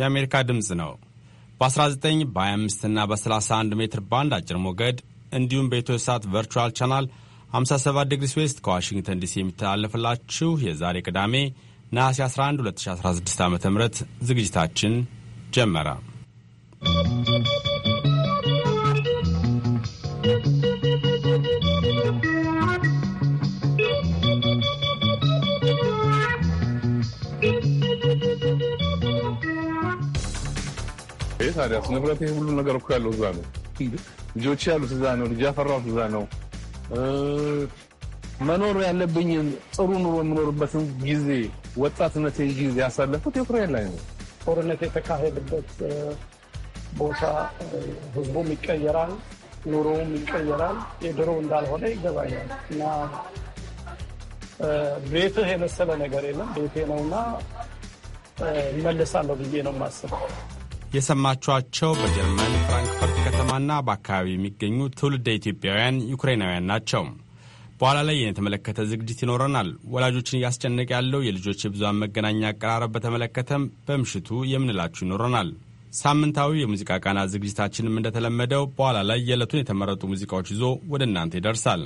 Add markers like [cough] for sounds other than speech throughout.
የአሜሪካ ድምፅ ነው። በ19 በ25 እና በ31 ሜትር ባንድ አጭር ሞገድ እንዲሁም በኢትዮ ሳት ቨርቹዋል ቻናል 57 ዲግሪ ስዌስት ከዋሽንግተን ዲሲ የሚተላለፍላችሁ የዛሬ ቅዳሜ ነሐሴ 11 2016 ዓ ም ዝግጅታችን ጀመረ። ታዲያ ንብረት ሁሉ ነገር እኮ ያለው እዛ ነው። ልጆች ያሉት እዛ ነው። ልጅ ያፈራሁት እዛ ነው። መኖር ያለብኝን ጥሩ ኑሮ የምኖርበትን ጊዜ ወጣትነቴን ጊዜ ያሳለፉት የኩራን ላይ ነው። ጦርነት የተካሄደበት ቦታ ህዝቡም ይቀየራል፣ ኑሮውም ይቀየራል። የድሮ እንዳልሆነ ይገባኛል እና ቤትህ የመሰለ ነገር የለም። ቤቴ ነውና እመለሳለሁ ብዬ ነው የማስበው። የሰማችኋቸው በጀርመን ፍራንክፈርት ከተማና በአካባቢ የሚገኙ ትውልደ ኢትዮጵያውያን ዩክሬናውያን ናቸው። በኋላ ላይ የተመለከተ ዝግጅት ይኖረናል። ወላጆችን እያስጨነቀ ያለው የልጆች የብዙሃን መገናኛ አቀራረብ በተመለከተም በምሽቱ የምንላችሁ ይኖረናል። ሳምንታዊ የሙዚቃ ቃና ዝግጅታችንም እንደተለመደው በኋላ ላይ የዕለቱን የተመረጡ ሙዚቃዎች ይዞ ወደ እናንተ ይደርሳል።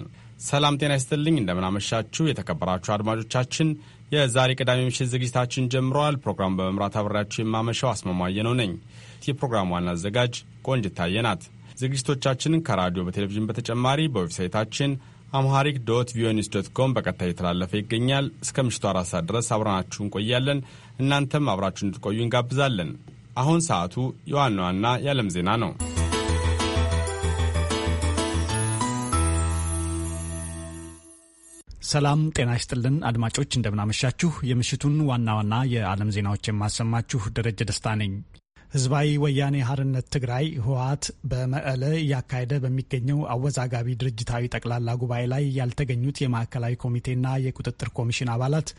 ሰላም ጤና ይስጥልኝ፣ እንደምናመሻችሁ የተከበራችሁ አድማጮቻችን። የዛሬ ቅዳሜ ምሽት ዝግጅታችን ጀምረዋል። ፕሮግራሙ በመምራት አብሬያችሁ የማመሻው አስማማየ ነው ነኝ የፕሮግራሙ ዋና አዘጋጅ ቆንጅት ታየ ናት። ዝግጅቶቻችንን ከራዲዮ በቴሌቪዥን በተጨማሪ በዌብሳይታችን አምሃሪክ ዶት ቪኦኤ ዶት ኮም በቀጥታ እየተላለፈ ይገኛል። እስከ ምሽቱ አራት ሰዓት ድረስ አብረናችሁ እንቆያለን። እናንተም አብራችሁ እንድትቆዩ እንጋብዛለን። አሁን ሰዓቱ የዋና ዋና የዓለም ዜና ነው። ሰላም ጤና ይስጥልን አድማጮች፣ እንደምናመሻችሁ። የምሽቱን ዋና ዋና የዓለም ዜናዎች የማሰማችሁ ደረጀ ደስታ ነኝ። ህዝባዊ ወያኔ ሀርነት ትግራይ ህወሀት በመቀለ እያካሄደ በሚገኘው አወዛጋቢ ድርጅታዊ ጠቅላላ ጉባኤ ላይ ያልተገኙት የማዕከላዊ ኮሚቴና የቁጥጥር ኮሚሽን አባላት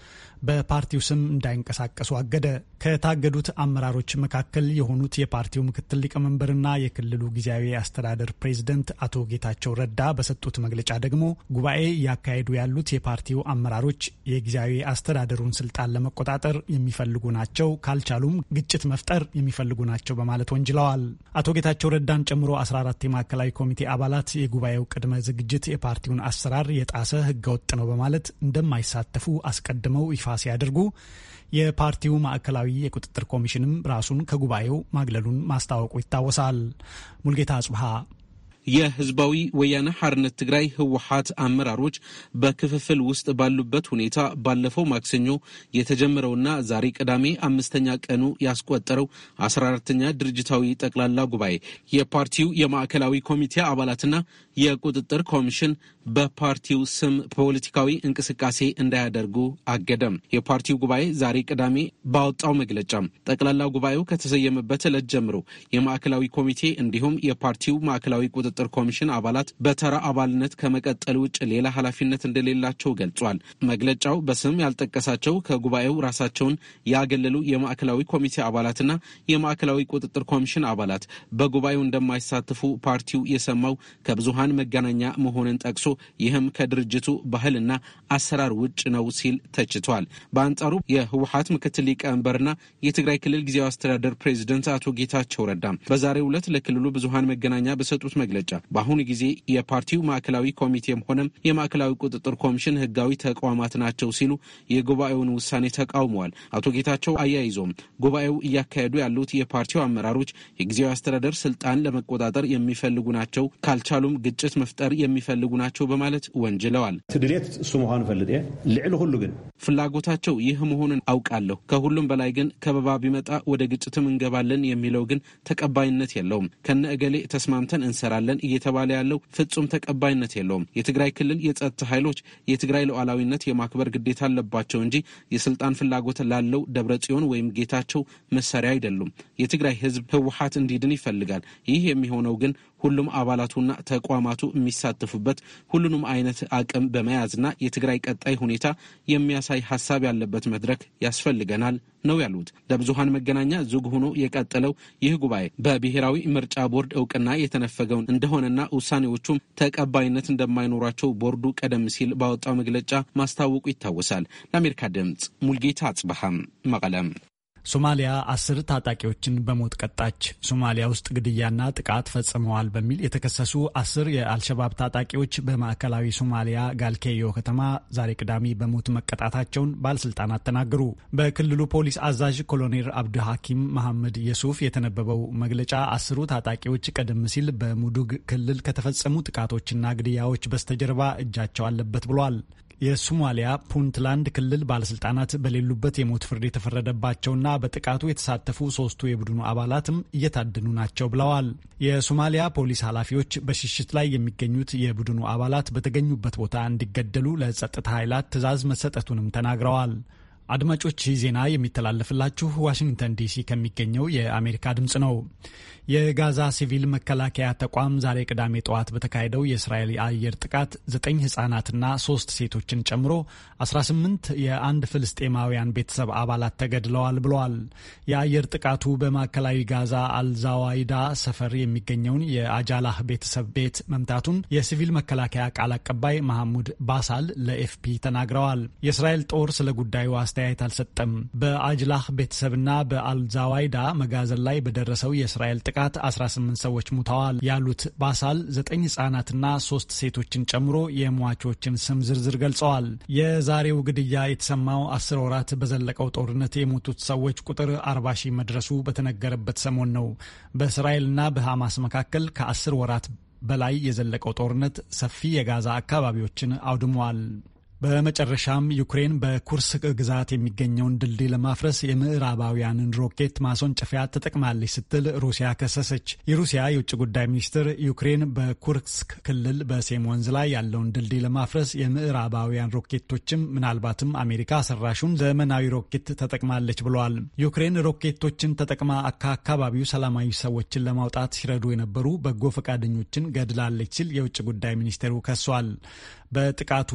በፓርቲው ስም እንዳይንቀሳቀሱ አገደ። ከታገዱት አመራሮች መካከል የሆኑት የፓርቲው ምክትል ሊቀመንበርና የክልሉ ጊዜያዊ አስተዳደር ፕሬዝደንት አቶ ጌታቸው ረዳ በሰጡት መግለጫ ደግሞ ጉባኤ እያካሄዱ ያሉት የፓርቲው አመራሮች የጊዜያዊ አስተዳደሩን ስልጣን ለመቆጣጠር የሚፈልጉ ናቸው፣ ካልቻሉም ግጭት መፍጠር የሚፈልጉ እያደረጉ ናቸው በማለት ወንጅለዋል። አቶ ጌታቸው ረዳን ጨምሮ 14 የማዕከላዊ ኮሚቴ አባላት የጉባኤው ቅድመ ዝግጅት የፓርቲውን አሰራር የጣሰ ህገወጥ ነው በማለት እንደማይሳተፉ አስቀድመው ይፋ ሲያደርጉ የፓርቲው ማዕከላዊ የቁጥጥር ኮሚሽንም ራሱን ከጉባኤው ማግለሉን ማስታወቁ ይታወሳል። ሙልጌታ አጽብሃ የህዝባዊ ወያነ ሐርነት ትግራይ ህወሓት አመራሮች በክፍፍል ውስጥ ባሉበት ሁኔታ ባለፈው ማክሰኞ የተጀመረውና ዛሬ ቅዳሜ አምስተኛ ቀኑ ያስቆጠረው አስራ አራተኛ ድርጅታዊ ጠቅላላ ጉባኤ የፓርቲው የማዕከላዊ ኮሚቴ አባላትና የቁጥጥር ኮሚሽን በፓርቲው ስም ፖለቲካዊ እንቅስቃሴ እንዳያደርጉ አገደም። የፓርቲው ጉባኤ ዛሬ ቅዳሜ ባወጣው መግለጫ ጠቅላላ ጉባኤው ከተሰየመበት ዕለት ጀምሮ የማዕከላዊ ኮሚቴ እንዲሁም የፓርቲው ማዕከላዊ ቁጥጥር ቁጥጥር ኮሚሽን አባላት በተራ አባልነት ከመቀጠል ውጭ ሌላ ኃላፊነት እንደሌላቸው ገልጿል። መግለጫው በስም ያልጠቀሳቸው ከጉባኤው ራሳቸውን ያገለሉ የማዕከላዊ ኮሚቴ አባላትና የማዕከላዊ ቁጥጥር ኮሚሽን አባላት በጉባኤው እንደማይሳተፉ ፓርቲው የሰማው ከብዙሃን መገናኛ መሆንን ጠቅሶ ይህም ከድርጅቱ ባህልና አሰራር ውጭ ነው ሲል ተችቷል። በአንጻሩ የህወሀት ምክትል ሊቀመንበርና የትግራይ ክልል ጊዜያዊ አስተዳደር ፕሬዚደንት አቶ ጌታቸው ረዳ በዛሬው ዕለት ለክልሉ ብዙሃን መገናኛ በሰጡት መግለጫ መግለጫ በአሁኑ ጊዜ የፓርቲው ማዕከላዊ ኮሚቴም ሆነም የማዕከላዊ ቁጥጥር ኮሚሽን ህጋዊ ተቋማት ናቸው ሲሉ የጉባኤውን ውሳኔ ተቃውመዋል። አቶ ጌታቸው አያይዞም ጉባኤው እያካሄዱ ያሉት የፓርቲው አመራሮች የጊዜያዊ አስተዳደር ስልጣን ለመቆጣጠር የሚፈልጉ ናቸው፣ ካልቻሉም ግጭት መፍጠር የሚፈልጉ ናቸው በማለት ወንጅለዋል። ትድሌት እሱ መሆኑ ፈልጥ ልዕሊ ሁሉ ግን ፍላጎታቸው ይህ መሆኑን አውቃለሁ። ከሁሉም በላይ ግን ከበባ ቢመጣ ወደ ግጭትም እንገባለን የሚለው ግን ተቀባይነት የለውም። ከነ እገሌ ተስማምተን እንሰራለን እናደርጋለን እየተባለ ያለው ፍጹም ተቀባይነት የለውም። የትግራይ ክልል የጸጥታ ኃይሎች የትግራይ ሉዓላዊነት የማክበር ግዴታ አለባቸው እንጂ የስልጣን ፍላጎት ላለው ደብረ ጽዮን ወይም ጌታቸው መሳሪያ አይደሉም። የትግራይ ህዝብ ህወሀት እንዲድን ይፈልጋል። ይህ የሚሆነው ግን ሁሉም አባላቱና ተቋማቱ የሚሳተፉበት ሁሉንም አይነት አቅም በመያዝና የትግራይ ቀጣይ ሁኔታ የሚያሳይ ሀሳብ ያለበት መድረክ ያስፈልገናል ነው ያሉት። ለብዙሀን መገናኛ ዝግ ሆኖ የቀጠለው ይህ ጉባኤ በብሔራዊ ምርጫ ቦርድ እውቅና የተነፈገውን እንደሆነና ውሳኔዎቹም ተቀባይነት እንደማይኖራቸው ቦርዱ ቀደም ሲል ባወጣው መግለጫ ማስታወቁ ይታወሳል። ለአሜሪካ ድምፅ ሙልጌታ አጽበሃም መቀለም ሶማሊያ አስር ታጣቂዎችን በሞት ቀጣች። ሶማሊያ ውስጥ ግድያና ጥቃት ፈጽመዋል በሚል የተከሰሱ አስር የአልሸባብ ታጣቂዎች በማዕከላዊ ሶማሊያ ጋልኬዮ ከተማ ዛሬ ቅዳሜ በሞት መቀጣታቸውን ባለስልጣናት ተናገሩ። በክልሉ ፖሊስ አዛዥ ኮሎኔል አብዱ ሐኪም መሐመድ የሱፍ የተነበበው መግለጫ አስሩ ታጣቂዎች ቀደም ሲል በሙዱግ ክልል ከተፈጸሙ ጥቃቶችና ግድያዎች በስተጀርባ እጃቸው አለበት ብሏል። የሶማሊያ ፑንትላንድ ክልል ባለስልጣናት በሌሉበት የሞት ፍርድ የተፈረደባቸውና በጥቃቱ የተሳተፉ ሶስቱ የቡድኑ አባላትም እየታደኑ ናቸው ብለዋል። የሶማሊያ ፖሊስ ኃላፊዎች በሽሽት ላይ የሚገኙት የቡድኑ አባላት በተገኙበት ቦታ እንዲገደሉ ለጸጥታ ኃይላት ትዕዛዝ መሰጠቱንም ተናግረዋል። አድማጮች ይህ ዜና የሚተላለፍላችሁ ዋሽንግተን ዲሲ ከሚገኘው የአሜሪካ ድምፅ ነው። የጋዛ ሲቪል መከላከያ ተቋም ዛሬ ቅዳሜ ጠዋት በተካሄደው የእስራኤል አየር ጥቃት ዘጠኝ ህጻናትና ሶስት ሴቶችን ጨምሮ 18 የአንድ ፍልስጤማውያን ቤተሰብ አባላት ተገድለዋል ብለዋል። የአየር ጥቃቱ በማዕከላዊ ጋዛ አልዛዋይዳ ሰፈር የሚገኘውን የአጃላህ ቤተሰብ ቤት መምታቱን የሲቪል መከላከያ ቃል አቀባይ መሐሙድ ባሳል ለኤፍፒ ተናግረዋል። የእስራኤል ጦር ስለ ጉዳዩ አስተያየት አልሰጠም። በአጅላህ ቤተሰብና በአልዛዋይዳ መጋዘን ላይ በደረሰው የእስራኤል ጥቃት 18 ሰዎች ሙተዋል ያሉት ባሳል ዘጠኝ ህጻናትና ሶስት ሴቶችን ጨምሮ የሟቾችን ስም ዝርዝር ገልጸዋል። የዛሬው ግድያ የተሰማው አስር ወራት በዘለቀው ጦርነት የሞቱት ሰዎች ቁጥር 40 ሺህ መድረሱ በተነገረበት ሰሞን ነው። በእስራኤልና በሐማስ መካከል ከአስር ወራት በላይ የዘለቀው ጦርነት ሰፊ የጋዛ አካባቢዎችን አውድመዋል። በመጨረሻም ዩክሬን በኩርስክ ግዛት የሚገኘውን ድልድይ ለማፍረስ የምዕራባውያንን ሮኬት ማስወንጨፊያ ተጠቅማለች ስትል ሩሲያ ከሰሰች። የሩሲያ የውጭ ጉዳይ ሚኒስትር ዩክሬን በኩርስክ ክልል በሴም ወንዝ ላይ ያለውን ድልድይ ለማፍረስ የምዕራባውያን ሮኬቶችም ምናልባትም አሜሪካ ሰራሹን ዘመናዊ ሮኬት ተጠቅማለች ብለዋል። ዩክሬን ሮኬቶችን ተጠቅማ ከአካባቢው ሰላማዊ ሰዎችን ለማውጣት ሲረዱ የነበሩ በጎ ፈቃደኞችን ገድላለች ሲል የውጭ ጉዳይ ሚኒስቴሩ ከሷል። በጥቃቱ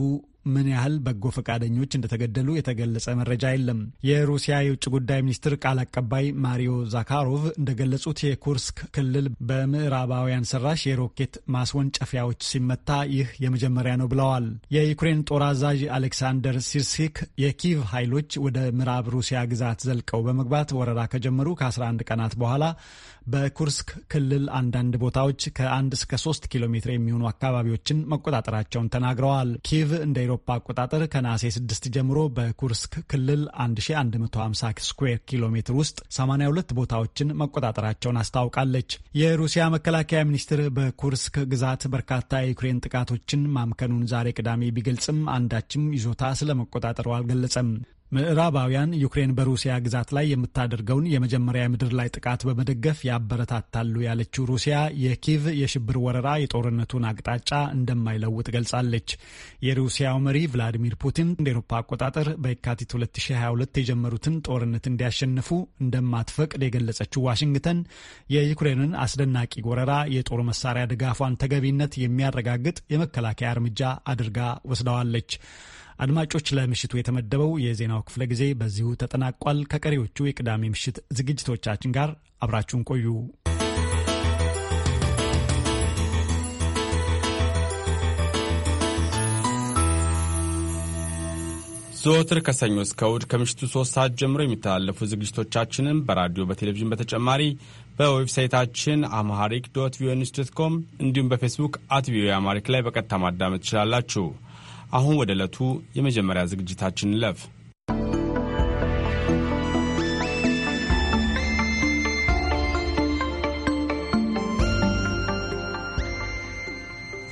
ምን ያህል በጎ ፈቃደኞች እንደተገደሉ የተገለጸ መረጃ የለም። የሩሲያ የውጭ ጉዳይ ሚኒስትር ቃል አቀባይ ማሪዮ ዛካሮቭ እንደገለጹት የኩርስክ ክልል በምዕራባውያን ሰራሽ የሮኬት ማስወንጨፊያዎች ሲመታ ይህ የመጀመሪያ ነው ብለዋል። የዩክሬን ጦር አዛዥ አሌክሳንደር ሲርሲክ የኪቭ ኃይሎች ወደ ምዕራብ ሩሲያ ግዛት ዘልቀው በመግባት ወረራ ከጀመሩ ከ11 ቀናት በኋላ በኩርስክ ክልል አንዳንድ ቦታዎች ከአንድ እስከ ሶስት ኪሎ ሜትር የሚሆኑ አካባቢዎችን መቆጣጠራቸውን ተናግረዋል። ኪቭ እንደ ኤሮፓ አቆጣጠር ከነሐሴ 6 ጀምሮ በኩርስክ ክልል 1150 ስኩዌር ኪሎ ሜትር ውስጥ 82 ቦታዎችን መቆጣጠራቸውን አስታውቃለች። የሩሲያ መከላከያ ሚኒስትር በኩርስክ ግዛት በርካታ የዩክሬን ጥቃቶችን ማምከኑን ዛሬ ቅዳሜ ቢገልጽም አንዳችም ይዞታ ስለመቆጣጠሩ አልገለጸም። ምዕራባውያን ዩክሬን በሩሲያ ግዛት ላይ የምታደርገውን የመጀመሪያ ምድር ላይ ጥቃት በመደገፍ ያበረታታሉ ያለችው ሩሲያ የኪቭ የሽብር ወረራ የጦርነቱን አቅጣጫ እንደማይለውጥ ገልጻለች። የሩሲያው መሪ ቭላዲሚር ፑቲን እንደ ኤሮፓ አቆጣጠር በየካቲት 2022 የጀመሩትን ጦርነት እንዲያሸንፉ እንደማትፈቅድ የገለጸችው ዋሽንግተን የዩክሬንን አስደናቂ ወረራ የጦር መሳሪያ ድጋፏን ተገቢነት የሚያረጋግጥ የመከላከያ እርምጃ አድርጋ ወስደዋለች። አድማጮች፣ ለምሽቱ የተመደበው የዜናው ክፍለ ጊዜ በዚሁ ተጠናቋል። ከቀሪዎቹ የቅዳሜ ምሽት ዝግጅቶቻችን ጋር አብራችሁን ቆዩ። ዘወትር ከሰኞ እስከ እሁድ ከምሽቱ ሶስት ሰዓት ጀምሮ የሚተላለፉ ዝግጅቶቻችንን በራዲዮ በቴሌቪዥን በተጨማሪ በዌብሳይታችን አምሃሪክ ዶት ቪኦኤ ኒውስ ዶት ኮም እንዲሁም በፌስቡክ አት ቪኦኤ አማሪክ ላይ በቀጥታ ማዳመጥ ትችላላችሁ። አሁን ወደ ዕለቱ የመጀመሪያ ዝግጅታችን ለፍ።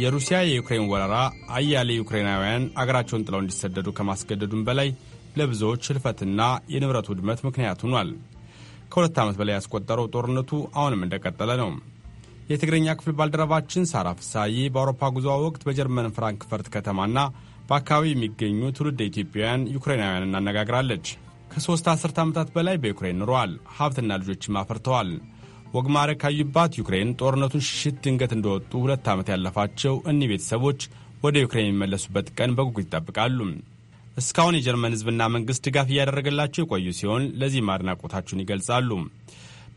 የሩሲያ የዩክሬን ወረራ አያሌ ዩክሬናውያን አገራቸውን ጥለው እንዲሰደዱ ከማስገደዱም በላይ ለብዙዎች ህልፈትና የንብረት ውድመት ምክንያት ሆኗል። ከሁለት ዓመት በላይ ያስቆጠረው ጦርነቱ አሁንም እንደቀጠለ ነው። የትግረኛ ክፍል ባልደረባችን ሳራ ፍሳዬ በአውሮፓ ጉዞ ወቅት በጀርመን ፍራንክፈርት ከተማና በአካባቢ የሚገኙ ትውልድ ኢትዮጵያውያን ዩክሬናውያንን አነጋግራለች። ከሦስት አስርት ዓመታት በላይ በዩክሬን ኑረዋል። ሀብትና ልጆችም አፈርተዋል። ወግማረ ካዩባት ዩክሬን ጦርነቱን ሽሽት ድንገት እንደወጡ ሁለት ዓመት ያለፋቸው እኒህ ቤተሰቦች ወደ ዩክሬን የሚመለሱበት ቀን በጉጉት ይጠብቃሉ። እስካሁን የጀርመን ሕዝብና መንግሥት ድጋፍ እያደረገላቸው የቆዩ ሲሆን ለዚህ ማድናቆታቸውን ይገልጻሉ።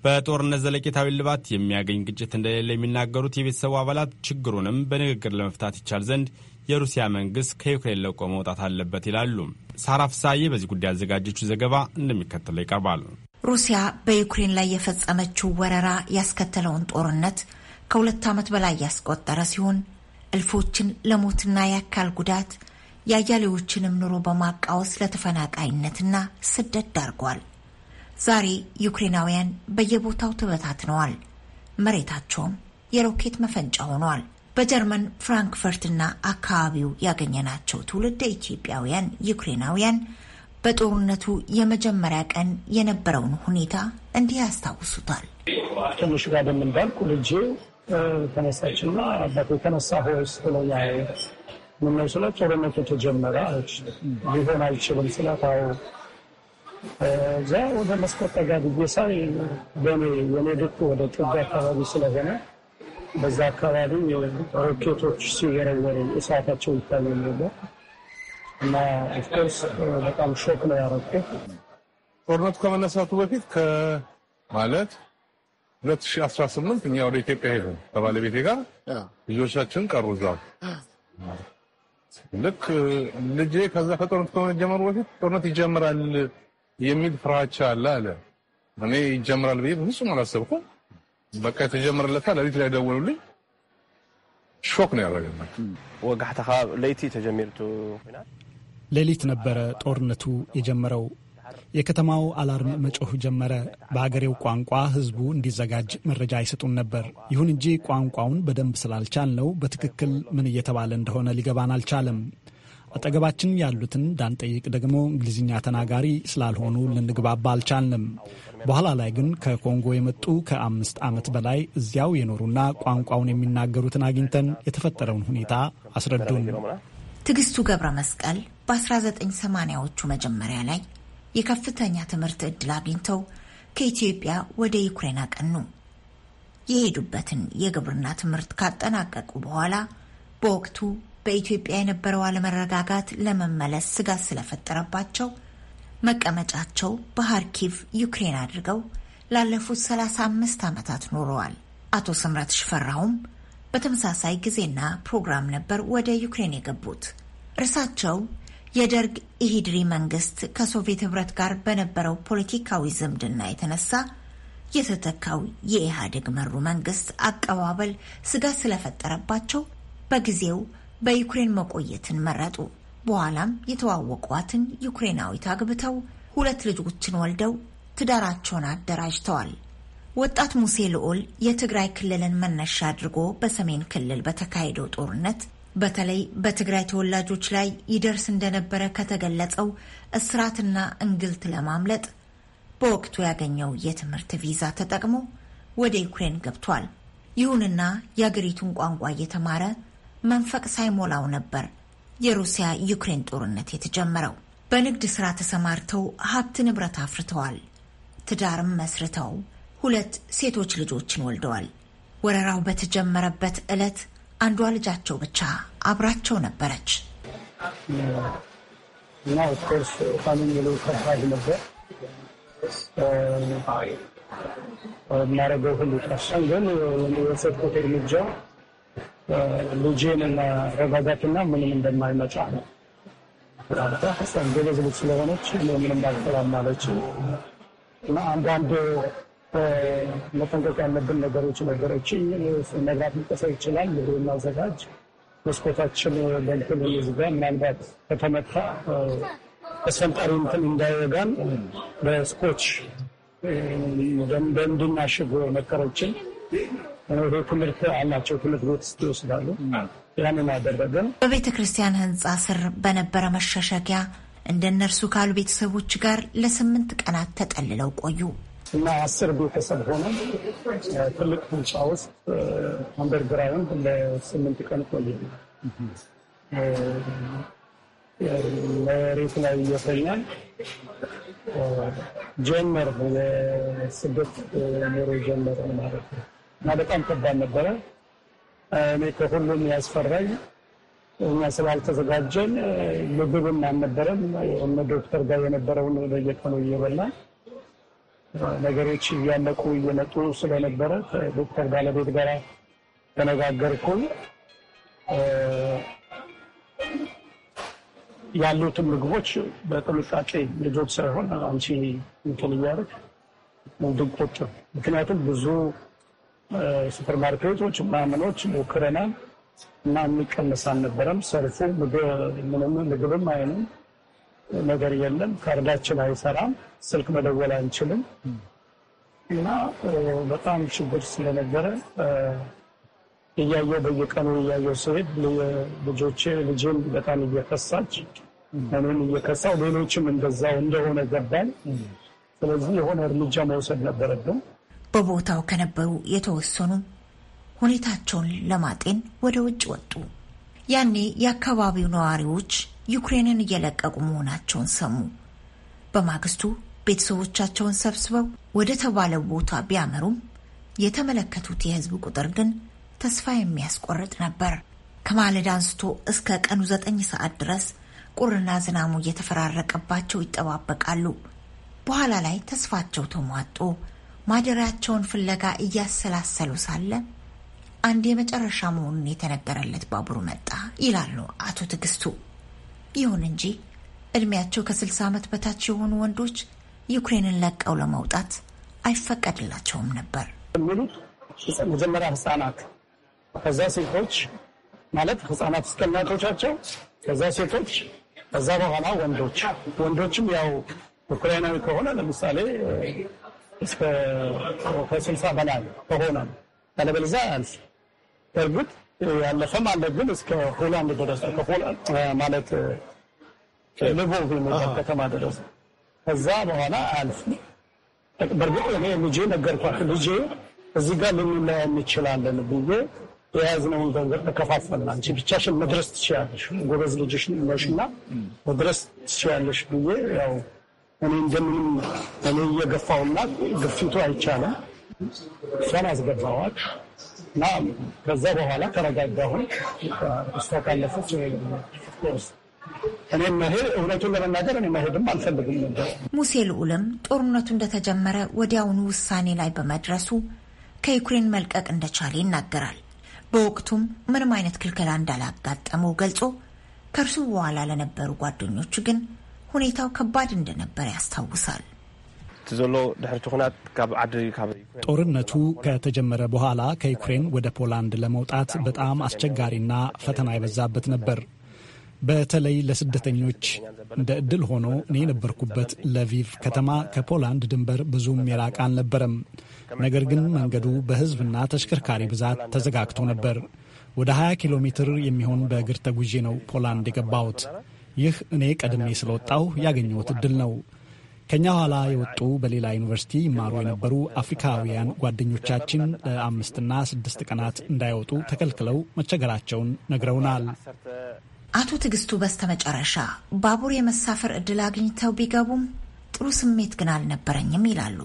በጦርነት ዘለቄታዊ ልባት የሚያገኝ ግጭት እንደሌለ የሚናገሩት የቤተሰቡ አባላት ችግሩንም በንግግር ለመፍታት ይቻል ዘንድ የሩሲያ መንግስት ከዩክሬን ለቆ መውጣት አለበት ይላሉ። ሳራ ፍሳዬ በዚህ ጉዳይ ያዘጋጀችው ዘገባ እንደሚከተለው ይቀርባል። ሩሲያ በዩክሬን ላይ የፈጸመችው ወረራ ያስከተለውን ጦርነት ከሁለት ዓመት በላይ ያስቆጠረ ሲሆን እልፎችን ለሞትና የአካል ጉዳት የአያሌዎችንም ኑሮ በማቃወስ ለተፈናቃይነትና ስደት ዳርጓል። ዛሬ ዩክሬናውያን በየቦታው ተበታትነዋል። መሬታቸውም የሮኬት መፈንጫ ሆኗል። በጀርመን ፍራንክፈርትና አካባቢው ያገኘናቸው ትውልደ ኢትዮጵያውያን ዩክሬናውያን በጦርነቱ የመጀመሪያ ቀን የነበረውን ሁኔታ እንዲህ ያስታውሱታል። ትንሽ ጋር በምንዳልኩ ልጄ ተነሳችና አባቴ ተነሳ ሆስ ስትለኛ ምነው ስላት ጦርነቱ ተጀመረ ሊሆን አይችልም ስላት አዎ እዛ ወደ መስኮት ጠጋ ብዬ ሳይ በኔ የኔ ድቁ ወደ ጥጋ አካባቢ ስለሆነ በዛ አካባቢ ሮኬቶች ሲወረወሩ እሳታቸው ይታየ ነበር እና ኦፍኮርስ በጣም ሾክ ነው ያረቁ። ጦርነቱ ከመነሳቱ በፊት ከማለት 2018 እኛ ወደ ኢትዮጵያ ሄዱ ከባለቤቴ ጋር ልጆቻችን ቀሩ እዛው። ልክ ልጄ ከዛ ከጦርነት ከመጀመሩ በፊት ጦርነት ይጀምራል የሚል ፍራቻ አለ አለ። እኔ ይጀምራል ብዬ ብዙም አላሰብኩም። በቃ የተጀመረለታ ለሊት ላይ ደወሉልኝ። ሾክ ነው ያደረገና ወጋሕታ ለይቲ ተጀሚርቱ ሌሊት ነበረ ጦርነቱ የጀመረው። የከተማው አላርም መጮህ ጀመረ። በሀገሬው ቋንቋ ህዝቡ እንዲዘጋጅ መረጃ አይሰጡን ነበር። ይሁን እንጂ ቋንቋውን በደንብ ስላልቻልነው በትክክል ምን እየተባለ እንደሆነ ሊገባን አልቻለም። አጠገባችን ያሉትን እንዳንጠይቅ ደግሞ እንግሊዝኛ ተናጋሪ ስላልሆኑ ልንግባባ አልቻልንም። በኋላ ላይ ግን ከኮንጎ የመጡ ከአምስት ዓመት በላይ እዚያው የኖሩና ቋንቋውን የሚናገሩትን አግኝተን የተፈጠረውን ሁኔታ አስረዱን። ትዕግስቱ ገብረ መስቀል በ1980ዎቹ መጀመሪያ ላይ የከፍተኛ ትምህርት ዕድል አግኝተው ከኢትዮጵያ ወደ ዩክሬን አቀኑ። የሄዱበትን የግብርና ትምህርት ካጠናቀቁ በኋላ በወቅቱ በኢትዮጵያ የነበረው አለመረጋጋት ለመመለስ ስጋት ስለፈጠረባቸው መቀመጫቸው በሃርኪቭ ዩክሬን አድርገው ላለፉት 35 ዓመታት ኖረዋል። አቶ ስምረት ሽፈራውም በተመሳሳይ ጊዜና ፕሮግራም ነበር ወደ ዩክሬን የገቡት። እርሳቸው የደርግ ኢሂድሪ መንግስት ከሶቪየት ህብረት ጋር በነበረው ፖለቲካዊ ዝምድና የተነሳ የተተካው የኢህአዴግ መሩ መንግስት አቀባበል ስጋት ስለፈጠረባቸው በጊዜው በዩክሬን መቆየትን መረጡ። በኋላም የተዋወቋትን ዩክሬናዊት አግብተው ሁለት ልጆችን ወልደው ትዳራቸውን አደራጅተዋል። ወጣት ሙሴ ልዑል የትግራይ ክልልን መነሻ አድርጎ በሰሜን ክልል በተካሄደው ጦርነት በተለይ በትግራይ ተወላጆች ላይ ይደርስ እንደነበረ ከተገለጸው እስራትና እንግልት ለማምለጥ በወቅቱ ያገኘው የትምህርት ቪዛ ተጠቅሞ ወደ ዩክሬን ገብቷል። ይሁንና የአገሪቱን ቋንቋ እየተማረ መንፈቅ ሳይሞላው ነበር የሩሲያ ዩክሬን ጦርነት የተጀመረው። በንግድ ሥራ ተሰማርተው ሀብት ንብረት አፍርተዋል። ትዳርም መስርተው ሁለት ሴቶች ልጆችን ወልደዋል። ወረራው በተጀመረበት ዕለት አንዷ ልጃቸው ብቻ አብራቸው ነበረች። እና ኦፍኮርስ ፋሚሊ ነበር ሁሉ ጠፋኝ። ግን የወሰድኩት እርምጃ ልጄን እና ረጋጋትና ምንም እንደማይመጣ ነው። ጎበዝ ልጅ ስለሆነች ምንም እንዳልተላማለች እና አንዳንድ መጠንቀቅ ያለብን ነገሮች ነገሮችን መግራት ሊቀሰ ይችላል። ምግብ እናዘጋጅ፣ መስኮታችን በንትን ዝጋ። ምናልባት ከተመታ ተሰንጣሪ እንትን እንዳይወጋን በስኮች እንድናሽግ መከሮችን ትምህርት አላቸው። ትምህርት ቤት ውስጥ ይወስዳሉ። ያንን አደረገን። በቤተ ክርስቲያን ህንፃ ስር በነበረ መሸሸጊያ እንደ እነርሱ ካሉ ቤተሰቦች ጋር ለስምንት ቀናት ተጠልለው ቆዩ እና አስር ቤተሰብ ሆነ ትልቅ ህንፃ ውስጥ አንደርግራውንድ ለስምንት ቀን ቆየ። መሬት ላይ እየተኛል ጀመር የስደት ኑሮ ጀመረ ማለት ነው። እና በጣም ከባድ ነበረ። እኔ ከሁሉም ያስፈራኝ እኛ ስላልተዘጋጀን ምግብም አልነበረም። የሆነ ዶክተር ጋር የነበረውን በየቀኑ እየበላ ነገሮች እያለቁ እየመጡ ስለነበረ ከዶክተር ባለቤት ጋር ተነጋገርኩ። ያሉትን ምግቦች በጥንቃቄ ልጆች ሳይሆን አንቺ እንትን እያደረግ እንድንቆጥብ ምክንያቱም ብዙ ሱፐር ማርኬቶች ምናምኖች ሞክረናል እና የሚቀመስ አልነበረም። ምንም ምግብም አይንም ነገር የለም። ካርዳችን አይሰራም። ስልክ መደወል አንችልም። እና በጣም ችግር ስለነበረ እያየው በየቀኑ እያየው ስሄድ ልጆቼ ልጅም በጣም እየከሳች እኔም እየከሳው ሌሎችም እንደዛው እንደሆነ ገባኝ። ስለዚህ የሆነ እርምጃ መውሰድ ነበረብን። በቦታው ከነበሩ የተወሰኑ ሁኔታቸውን ለማጤን ወደ ውጭ ወጡ። ያኔ የአካባቢው ነዋሪዎች ዩክሬንን እየለቀቁ መሆናቸውን ሰሙ። በማግስቱ ቤተሰቦቻቸውን ሰብስበው ወደ ተባለው ቦታ ቢያመሩም የተመለከቱት የሕዝብ ቁጥር ግን ተስፋ የሚያስቆርጥ ነበር። ከማለዳ አንስቶ እስከ ቀኑ ዘጠኝ ሰዓት ድረስ ቁርና ዝናሙ እየተፈራረቀባቸው ይጠባበቃሉ። በኋላ ላይ ተስፋቸው ተሟጦ ማደሪያቸውን ፍለጋ እያሰላሰሉ ሳለ አንድ የመጨረሻ መሆኑን የተነገረለት ባቡር መጣ ይላሉ አቶ ትዕግስቱ። ይሁን እንጂ እድሜያቸው ከስልሳ ዓመት በታች የሆኑ ወንዶች ዩክሬንን ለቀው ለመውጣት አይፈቀድላቸውም ነበር የሚሉት መጀመሪያ ህጻናት፣ ከዛ ሴቶች ማለት ህጻናት እስከ እናቶቻቸው፣ ከዛ ሴቶች፣ ከዛ በኋላ ወንዶች። ወንዶችም ያው ዩክሬናዊ ከሆነ ለምሳሌ እስከ ከስልሳ በላይ ከሆነ አለበለዚያ አልፍ እርግጥ ያለፈም አለ፣ ግን እስከ ሆላንድ ድረስ ከሆላንድ ማለት ልቦቭ የሚባል ከተማ ድረስ ከዛ በኋላ አልፍ። በእርግጥ እኔ ልጄ ነገርኳት፣ ልጄ እዚህ ጋር ልንለያ እንችላለን ብዬ የያዝነውን ገንዘብ ተከፋፈልን። አንቺ ብቻሽን መድረስ ትችያለሽ፣ ጎበዝ ልጅሽ ነሽና መድረስ ትችያለሽ ብዬ ያው እኔ እንደምንም እኔ እየገፋውና ግፊቱ አይቻልም እሷን አስገባዋት እና ከዛ በኋላ ተረጋጋሁን። እሷ ካለፈች እኔ መሄድ እውነቱን ለመናገር እኔ መሄድም አልፈልግም ነበር። ሙሴ ልዑልም ጦርነቱ እንደተጀመረ ወዲያውኑ ውሳኔ ላይ በመድረሱ ከዩክሬን መልቀቅ እንደቻለ ይናገራል። በወቅቱም ምንም አይነት ክልከላ እንዳላጋጠመው ገልጾ ከእርሱ በኋላ ለነበሩ ጓደኞቹ ግን ሁኔታው ከባድ እንደነበር ያስታውሳል። ጦርነቱ ከተጀመረ በኋላ ከዩክሬን ወደ ፖላንድ ለመውጣት በጣም አስቸጋሪና ፈተና የበዛበት ነበር። በተለይ ለስደተኞች እንደ እድል ሆኖ እኔ የነበርኩበት ለቪቭ ከተማ ከፖላንድ ድንበር ብዙም የራቅ አልነበረም። ነገር ግን መንገዱ በሕዝብና ተሽከርካሪ ብዛት ተዘጋግቶ ነበር። ወደ 20 ኪሎ ሜትር የሚሆን በእግር ተጉዤ ነው ፖላንድ የገባሁት። ይህ እኔ ቀድሜ ስለወጣሁ ያገኘሁት እድል ነው። ከእኛ ኋላ የወጡ በሌላ ዩኒቨርሲቲ ይማሩ የነበሩ አፍሪካውያን ጓደኞቻችን ለአምስትና ስድስት ቀናት እንዳይወጡ ተከልክለው መቸገራቸውን ነግረውናል። አቶ ትዕግስቱ በስተመጨረሻ ባቡር የመሳፈር እድል አግኝተው ቢገቡም ጥሩ ስሜት ግን አልነበረኝም ይላሉ።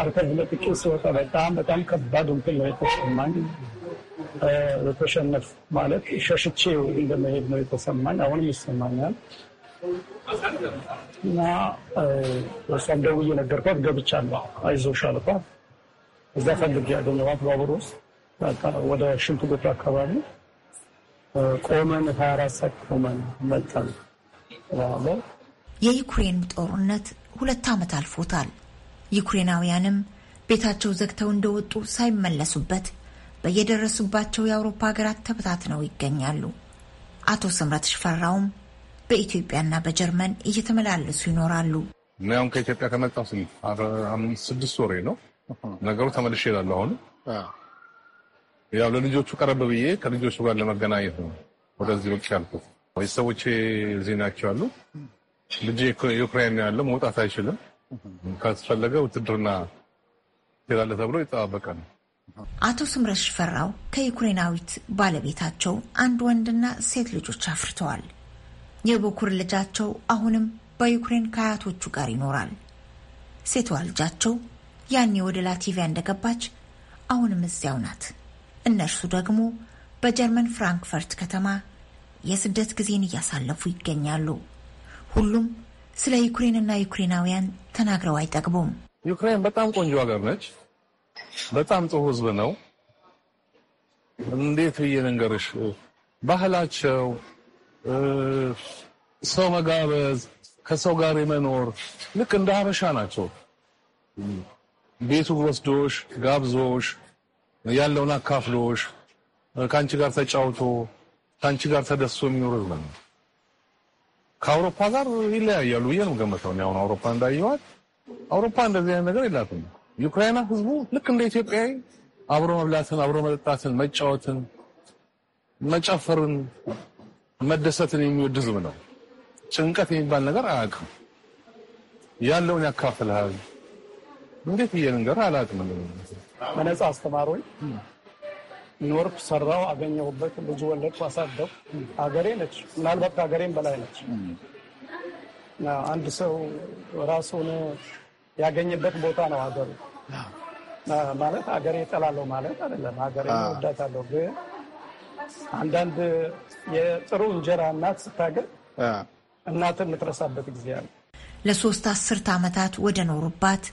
አርተ ለጥቂ ስወጣ በጣም በጣም ከባድ እንትን ነው የተሰማኝ ተሸነፍ ማለት ሸሽቼ እንደመሄድ ነው የተሰማኝ። አሁንም ይሰማኛል እና እሷም ደውዬ ነገርኳት። ገብቻለሁ አይዞሽ አልኳት። እዛ ፈልጌ ያገኘኋት ባቡር ውስጥ ወደ ሽንት ቤቱ አካባቢ ቆመን ሀያ አራት ሰዓት ቆመን መጠን የዩክሬን ጦርነት ሁለት ዓመት አልፎታል። ዩክሬናውያንም ቤታቸው ዘግተው እንደወጡ ሳይመለሱበት በየደረሱባቸው የአውሮፓ ሀገራት ተበታትነው ይገኛሉ። አቶ ስምረት ሽፈራውም በኢትዮጵያና በጀርመን እየተመላለሱ ይኖራሉ። እኔ አሁን ከኢትዮጵያ ከመጣሁ ስድስት ወሬ ነው ነገሩ። ተመልሼ እላለሁ። አሁን ያው ለልጆቹ ቀረብ ብዬ ከልጆቹ ጋር ለመገናኘት ነው ወደዚህ ብቅ ያልኩት። ቤተሰቦቼ እዚህ ናቸው ያሉ። ልጄ ዩክራይን ያለው። መውጣት አይችልም። ካስፈለገ ውትድርና ትሄዳለህ ተብሎ ይጠባበቃል። አቶ ስምረት ሽፈራው ከዩክሬናዊት ባለቤታቸው አንድ ወንድና ሴት ልጆች አፍርተዋል። የበኩር ልጃቸው አሁንም በዩክሬን ከአያቶቹ ጋር ይኖራል። ሴቷ ልጃቸው ያኔ ወደ ላቲቪያ እንደገባች አሁንም እዚያው ናት። እነርሱ ደግሞ በጀርመን ፍራንክፈርት ከተማ የስደት ጊዜን እያሳለፉ ይገኛሉ። ሁሉም ስለ ዩክሬንና ዩክሬናውያን ተናግረው አይጠግቡም። ዩክሬን በጣም ቆንጆ ሀገር ነች። በጣም ጥሩ ህዝብ ነው። እንዴት ብዬ ልንገርሽ? ባህላቸው፣ ሰው መጋበዝ፣ ከሰው ጋር የመኖር ልክ እንደ ሀበሻ ናቸው። ቤቱ ወስዶሽ ጋብዞሽ ያለውን አካፍሎሽ ከአንቺ ጋር ተጫውቶ ከአንቺ ጋር ተደስቶ የሚኖር ህዝብ ነው። ከአውሮፓ ጋር ይለያያሉ ብዬ ነው የምገምተው። አሁን አውሮፓ እንዳየዋት አውሮፓ እንደዚህ አይነት ነገር የላትም። ዩክራይና ህዝቡ ልክ እንደ ኢትዮጵያዊ አብሮ መብላትን፣ አብሮ መጠጣትን፣ መጫወትን፣ መጨፈርን፣ መደሰትን የሚወድ ህዝብ ነው። ጭንቀት የሚባል ነገር አያውቅም። ያለውን ያካፍልሃል። እንዴት ብዬ አላውቅም። በነፃ አስተማሮኝ ኖርኩ፣ ሰራው፣ አገኘሁበት፣ ልጅ ወለድኩ፣ አሳደው። አገሬ ነች፣ ምናልባት ከሀገሬም በላይ ነች። አንድ ሰው ራሱን ያገኝበት ቦታ ነው ሀገሩ። ማለት ሀገሬ እጠላለሁ ማለት አይደለም፣ ሀገሬ እወዳታለሁ። ግን አንዳንድ የጥሩ እንጀራ እናት ስታገል እናት የምትረሳበት ጊዜ አለ። ለሶስት አስርት ዓመታት ወደ ኖሩባት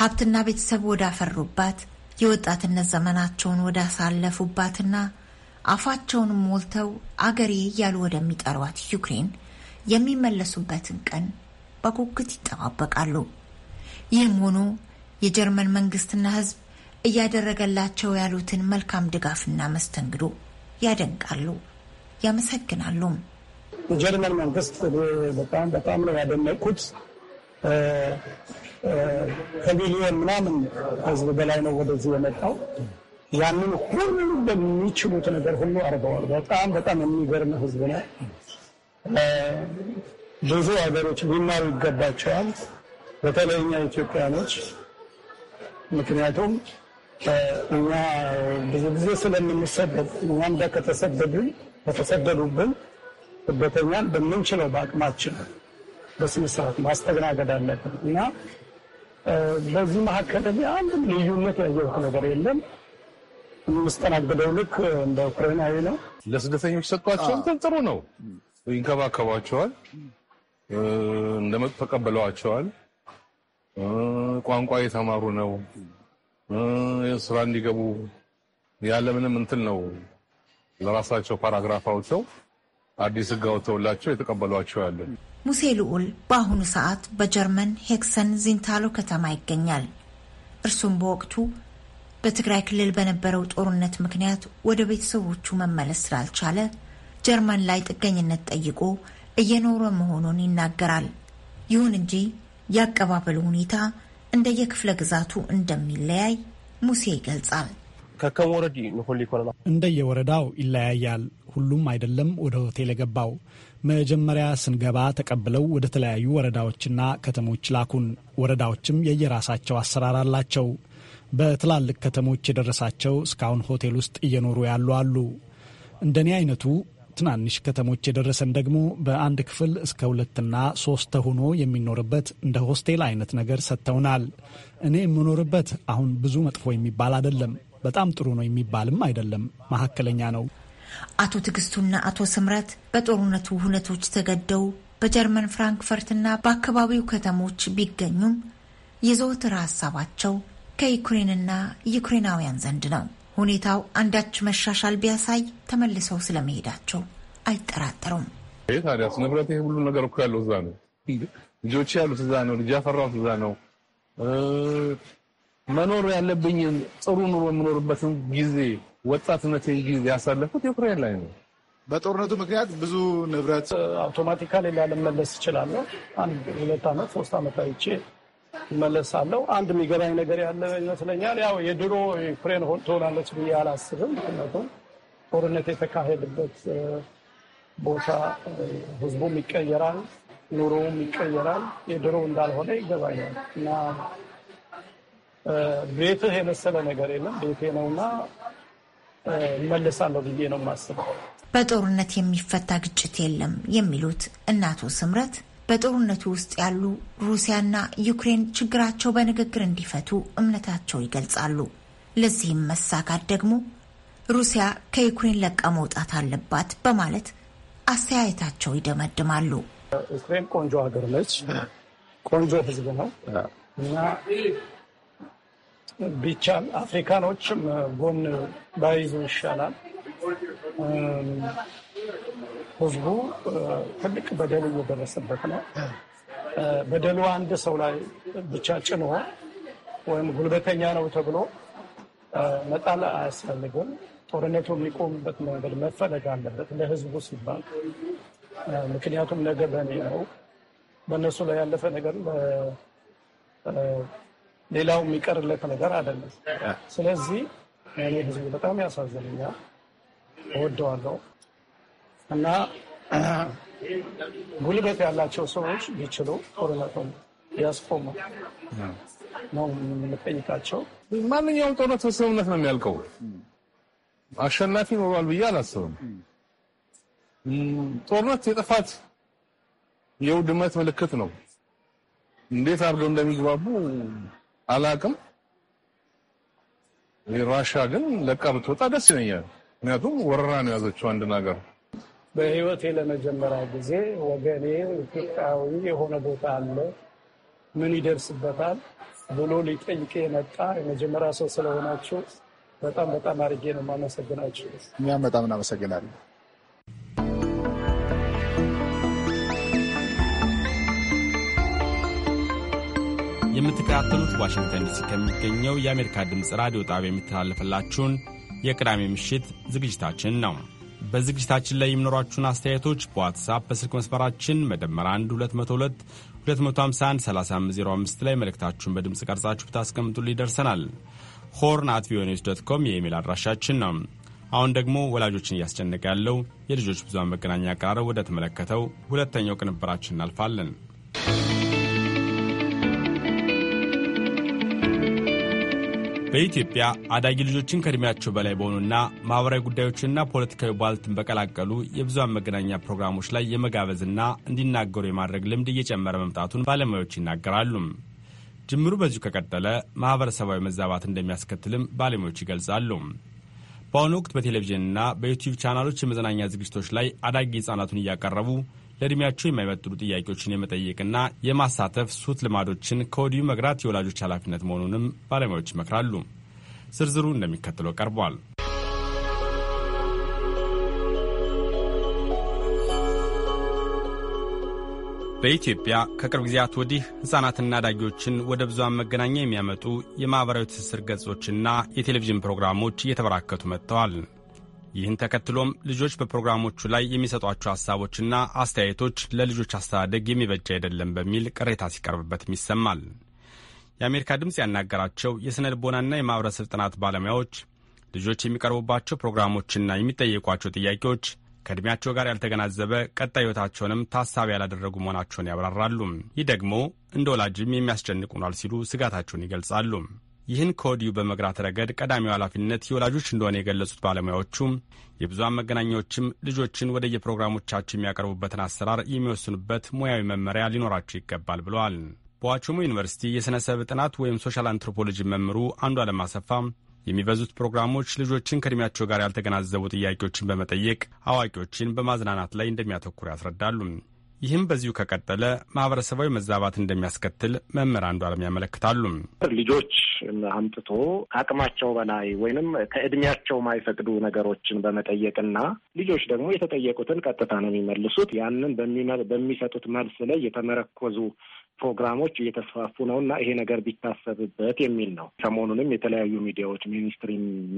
ሀብትና ቤተሰብ ወዳፈሩባት የወጣትነት ዘመናቸውን ወዳሳለፉባትና አፋቸውን ሞልተው አገሬ እያሉ ወደሚጠሯት ዩክሬን የሚመለሱበትን ቀን በጉጉት ይጠባበቃሉ። ይህም ሆኖ የጀርመን መንግስትና ህዝብ እያደረገላቸው ያሉትን መልካም ድጋፍና መስተንግዶ ያደንቃሉ፣ ያመሰግናሉም። የጀርመን መንግስት በጣም በጣም ነው ያደነቁት ከሚሊዮን ምናምን ህዝብ በላይ ነው ወደዚህ የመጣው። ያንን ሁሉ በሚችሉት ነገር ሁሉ አርገዋል በጣም በጣም የሚገርም ህዝብ ነው። ብዙ ሀገሮች ሊማሩ ይገባቸዋል። በተለይ እኛ ኢትዮጵያኖች ምክንያቱም እኛ ብዙ ጊዜ ስለምንሰደድ እኛም ከተሰደዱ በተሰደዱብን ስደተኛን በምንችለው በአቅማችን በስነስርት ማስተናገድ አለብን እና በዚህ መካከል አንድ ልዩነት ያየሁት ነገር የለም። የምስተናግደው ልክ እንደ ኡክራይናዊ ነው። ለስደተኞች ሰጧቸው እንትን ጥሩ ነው። ይንከባከቧቸዋል፣ እንደመጡ ተቀበለዋቸዋል። ቋንቋ የተማሩ ነው። ስራ እንዲገቡ ያለምንም እንትን ነው ለራሳቸው ፓራግራፍ አውጥተው አዲስ ህግ አውጥተውላቸው የተቀበሏቸው ያለ። ሙሴ ልዑል በአሁኑ ሰዓት በጀርመን ሄክሰን ዚንታሎ ከተማ ይገኛል። እርሱም በወቅቱ በትግራይ ክልል በነበረው ጦርነት ምክንያት ወደ ቤተሰቦቹ መመለስ ስላልቻለ ጀርመን ላይ ጥገኝነት ጠይቆ እየኖረ መሆኑን ይናገራል። ይሁን እንጂ ያቀባበሉ ሁኔታ እንደየክፍለ ግዛቱ እንደሚለያይ ሙሴ ይገልጻል። እንደየወረዳው ይለያያል። ሁሉም አይደለም ወደ ሆቴል የገባው። መጀመሪያ ስንገባ ተቀብለው ወደ ተለያዩ ወረዳዎችና ከተሞች ላኩን። ወረዳዎችም የየራሳቸው አሰራር አላቸው። በትላልቅ ከተሞች የደረሳቸው እስካሁን ሆቴል ውስጥ እየኖሩ ያሉ አሉ። እንደኔ አይነቱ ትናንሽ ከተሞች የደረሰን ደግሞ በአንድ ክፍል እስከ ሁለትና ሶስት ተሆኖ የሚኖርበት እንደ ሆስቴል አይነት ነገር ሰጥተውናል። እኔ የምኖርበት አሁን ብዙ መጥፎ የሚባል አይደለም፣ በጣም ጥሩ ነው የሚባልም አይደለም፣ መካከለኛ ነው። አቶ ትግስቱና አቶ ስምረት በጦርነቱ ሁነቶች ተገደው በጀርመን ፍራንክፈርትና በአካባቢው ከተሞች ቢገኙም የዘወትር ሀሳባቸው ከዩክሬንና ዩክሬናውያን ዘንድ ነው። ሁኔታው አንዳች መሻሻል ቢያሳይ ተመልሰው ስለመሄዳቸው አይጠራጠሩም። ታዲያ ታዲያስ ንብረት ይህ ሁሉ ነገር እኮ ያለው እዛ ነው። ልጆች ያሉት እዛ ነው። ልጅ ያፈራሁት እዛ ነው። መኖር ያለብኝን ጥሩ ኑሮ የምኖርበትን ጊዜ ወጣትነቴን ጊዜ ያሳለፉት ዩክሬን ላይ ነው። በጦርነቱ ምክንያት ብዙ ንብረት አውቶማቲካሊ ላለመለስ ይችላለ አንድ ሁለት ዓመት ሶስት ዓመት አይቼ እመለሳለሁ። አንድ የሚገባኝ ነገር ያለ ይመስለኛል። ያው የድሮ ዩክሬን ትሆናለች ብዬ አላስብም። ምክንያቱም ጦርነት የተካሄደበት ቦታ ህዝቡም ይቀየራል፣ ኑሮውም ይቀየራል። የድሮ እንዳልሆነ ይገባኛል እና ቤትህ የመሰለ ነገር የለም ቤቴ ነውና እመለሳለሁ ብዬ ነው የማስበው። በጦርነት የሚፈታ ግጭት የለም የሚሉት እናቱ ስምረት በጦርነቱ ውስጥ ያሉ ሩሲያና ዩክሬን ችግራቸው በንግግር እንዲፈቱ እምነታቸው ይገልጻሉ። ለዚህም መሳካት ደግሞ ሩሲያ ከዩክሬን ለቃ መውጣት አለባት በማለት አስተያየታቸው ይደመድማሉ። ዩክሬን ቆንጆ ሀገር ነች። ቆንጆ ህዝብ ነው እና ቢቻል አፍሪካኖችም ጎን ባይዙ ይሻላል። ህዝቡ ትልቅ በደል እየደረሰበት ነው። በደሉ አንድ ሰው ላይ ብቻ ጭኖ ወይም ጉልበተኛ ነው ተብሎ መጣል አያስፈልግም። ጦርነቱ የሚቆምበት መንገድ መፈለግ አለበት ለህዝቡ ሲባል። ምክንያቱም ነገ በእኔ ነው፣ በእነሱ ላይ ያለፈ ነገር ሌላው የሚቀርለት ነገር አይደለም። ስለዚህ እኔ ህዝቡ በጣም ያሳዝንኛል፣ እወደዋለሁ እና [clears throat] ጉልበት ያላቸው ሰዎች ቢችሉ ጦርነቱን ያስቆሙ ነው የምንጠይቃቸው። ማንኛውም ጦርነት በስምምነት ነው የሚያልቀው። አሸናፊ ይኖረዋል ብዬ አላስብም። ጦርነት የጥፋት የውድመት ምልክት ነው። እንዴት አድርገው እንደሚግባቡ አላቅም። ራሻ ግን ለቃ ብትወጣ ደስ ይለኛል። ምክንያቱም ወረራ ነው የያዘችው አንድን ሀገር በህይወቴ ለመጀመሪያ ጊዜ ወገኔ ኢትዮጵያዊ የሆነ ቦታ አለ፣ ምን ይደርስበታል ብሎ ሊጠይቅ የመጣ የመጀመሪያ ሰው ስለሆናችሁ በጣም በጣም አድርጌ ነው የማመሰግናችሁ። እኛም በጣም እናመሰግናለን። የምትከታተሉት ዋሽንግተን ዲሲ ከሚገኘው የአሜሪካ ድምፅ ራዲዮ ጣቢያ የሚተላለፈላችሁን የቅዳሜ ምሽት ዝግጅታችን ነው። በዝግጅታችን ላይ የሚኖሯችሁን አስተያየቶች በዋትሳፕ በስልክ መስመራችን መደመር 1 202 251 3505 ላይ መልእክታችሁን በድምፅ ቀርጻችሁ ብታስቀምጡልን ይደርሰናል። ሆርን አት ቪኦኤ ኒውስ ዶት ኮም የኢሜል አድራሻችን ነው። አሁን ደግሞ ወላጆችን እያስጨነቀ ያለው የልጆች ብዙሃን መገናኛ አቀራረብ ወደ ተመለከተው ሁለተኛው ቅንብራችን እናልፋለን። በኢትዮጵያ አዳጊ ልጆችን ከእድሜያቸው በላይ በሆኑና ማኅበራዊ ጉዳዮችንና ፖለቲካዊ ቧልትን በቀላቀሉ የብዙሃን መገናኛ ፕሮግራሞች ላይ የመጋበዝና እንዲናገሩ የማድረግ ልምድ እየጨመረ መምጣቱን ባለሙያዎች ይናገራሉ። ጅምሩ በዚሁ ከቀጠለ ማኅበረሰባዊ መዛባት እንደሚያስከትልም ባለሙያዎች ይገልጻሉ። በአሁኑ ወቅት በቴሌቪዥንና በዩቲዩብ ቻናሎች የመዝናኛ ዝግጅቶች ላይ አዳጊ ሕፃናቱን እያቀረቡ ለእድሜያቸው የማይመጥኑ ጥያቄዎችን የመጠየቅና የማሳተፍ ሱት ልማዶችን ከወዲሁ መግራት የወላጆች ኃላፊነት መሆኑንም ባለሙያዎች ይመክራሉ። ዝርዝሩ እንደሚከተለው ቀርቧል። በኢትዮጵያ ከቅርብ ጊዜያት ወዲህ ሕፃናትና አዳጊዎችን ወደ ብዙሃን መገናኛ የሚያመጡ የማኅበራዊ ትስስር ገጾችና የቴሌቪዥን ፕሮግራሞች እየተበራከቱ መጥተዋል። ይህን ተከትሎም ልጆች በፕሮግራሞቹ ላይ የሚሰጧቸው ሀሳቦችና አስተያየቶች ለልጆች አስተዳደግ የሚበጅ አይደለም በሚል ቅሬታ ሲቀርብበትም ይሰማል። የአሜሪካ ድምፅ ያናገራቸው የሥነ ልቦናና የማኅበረሰብ ጥናት ባለሙያዎች ልጆች የሚቀርቡባቸው ፕሮግራሞችና የሚጠየቋቸው ጥያቄዎች ከዕድሜያቸው ጋር ያልተገናዘበ ቀጣይ ሕይወታቸውንም ታሳቢ ያላደረጉ መሆናቸውን ያብራራሉ። ይህ ደግሞ እንደ ወላጅም የሚያስጨንቅ ሲሉ ስጋታቸውን ይገልጻሉ። ይህን ከወዲሁ በመግራት ረገድ ቀዳሚው ኃላፊነት የወላጆች እንደሆነ የገለጹት ባለሙያዎቹም የብዙሃን መገናኛዎችም ልጆችን ወደ የፕሮግራሞቻቸው የሚያቀርቡበትን አሰራር የሚወስኑበት ሙያዊ መመሪያ ሊኖራቸው ይገባል ብለዋል። በዋቸሞ ዩኒቨርሲቲ የሥነ ሰብ ጥናት ወይም ሶሻል አንትሮፖሎጂ መምሩ አንዱ ዓለም አሰፋ የሚበዙት ፕሮግራሞች ልጆችን ከእድሜያቸው ጋር ያልተገናዘቡ ጥያቄዎችን በመጠየቅ አዋቂዎችን በማዝናናት ላይ እንደሚያተኩር ያስረዳሉ። ይህም በዚሁ ከቀጠለ ማህበረሰባዊ መዛባት እንደሚያስከትል መምህር አንዱ አለም ያመለክታሉ። ልጆች አምጥቶ ከአቅማቸው በላይ ወይንም ከእድሜያቸው ማይፈቅዱ ነገሮችን በመጠየቅና ልጆች ደግሞ የተጠየቁትን ቀጥታ ነው የሚመልሱት። ያንን በሚሰጡት መልስ ላይ የተመረኮዙ ፕሮግራሞች እየተስፋፉ ነው እና ይሄ ነገር ቢታሰብበት የሚል ነው። ሰሞኑንም የተለያዩ ሚዲያዎች ሚኒስትሪ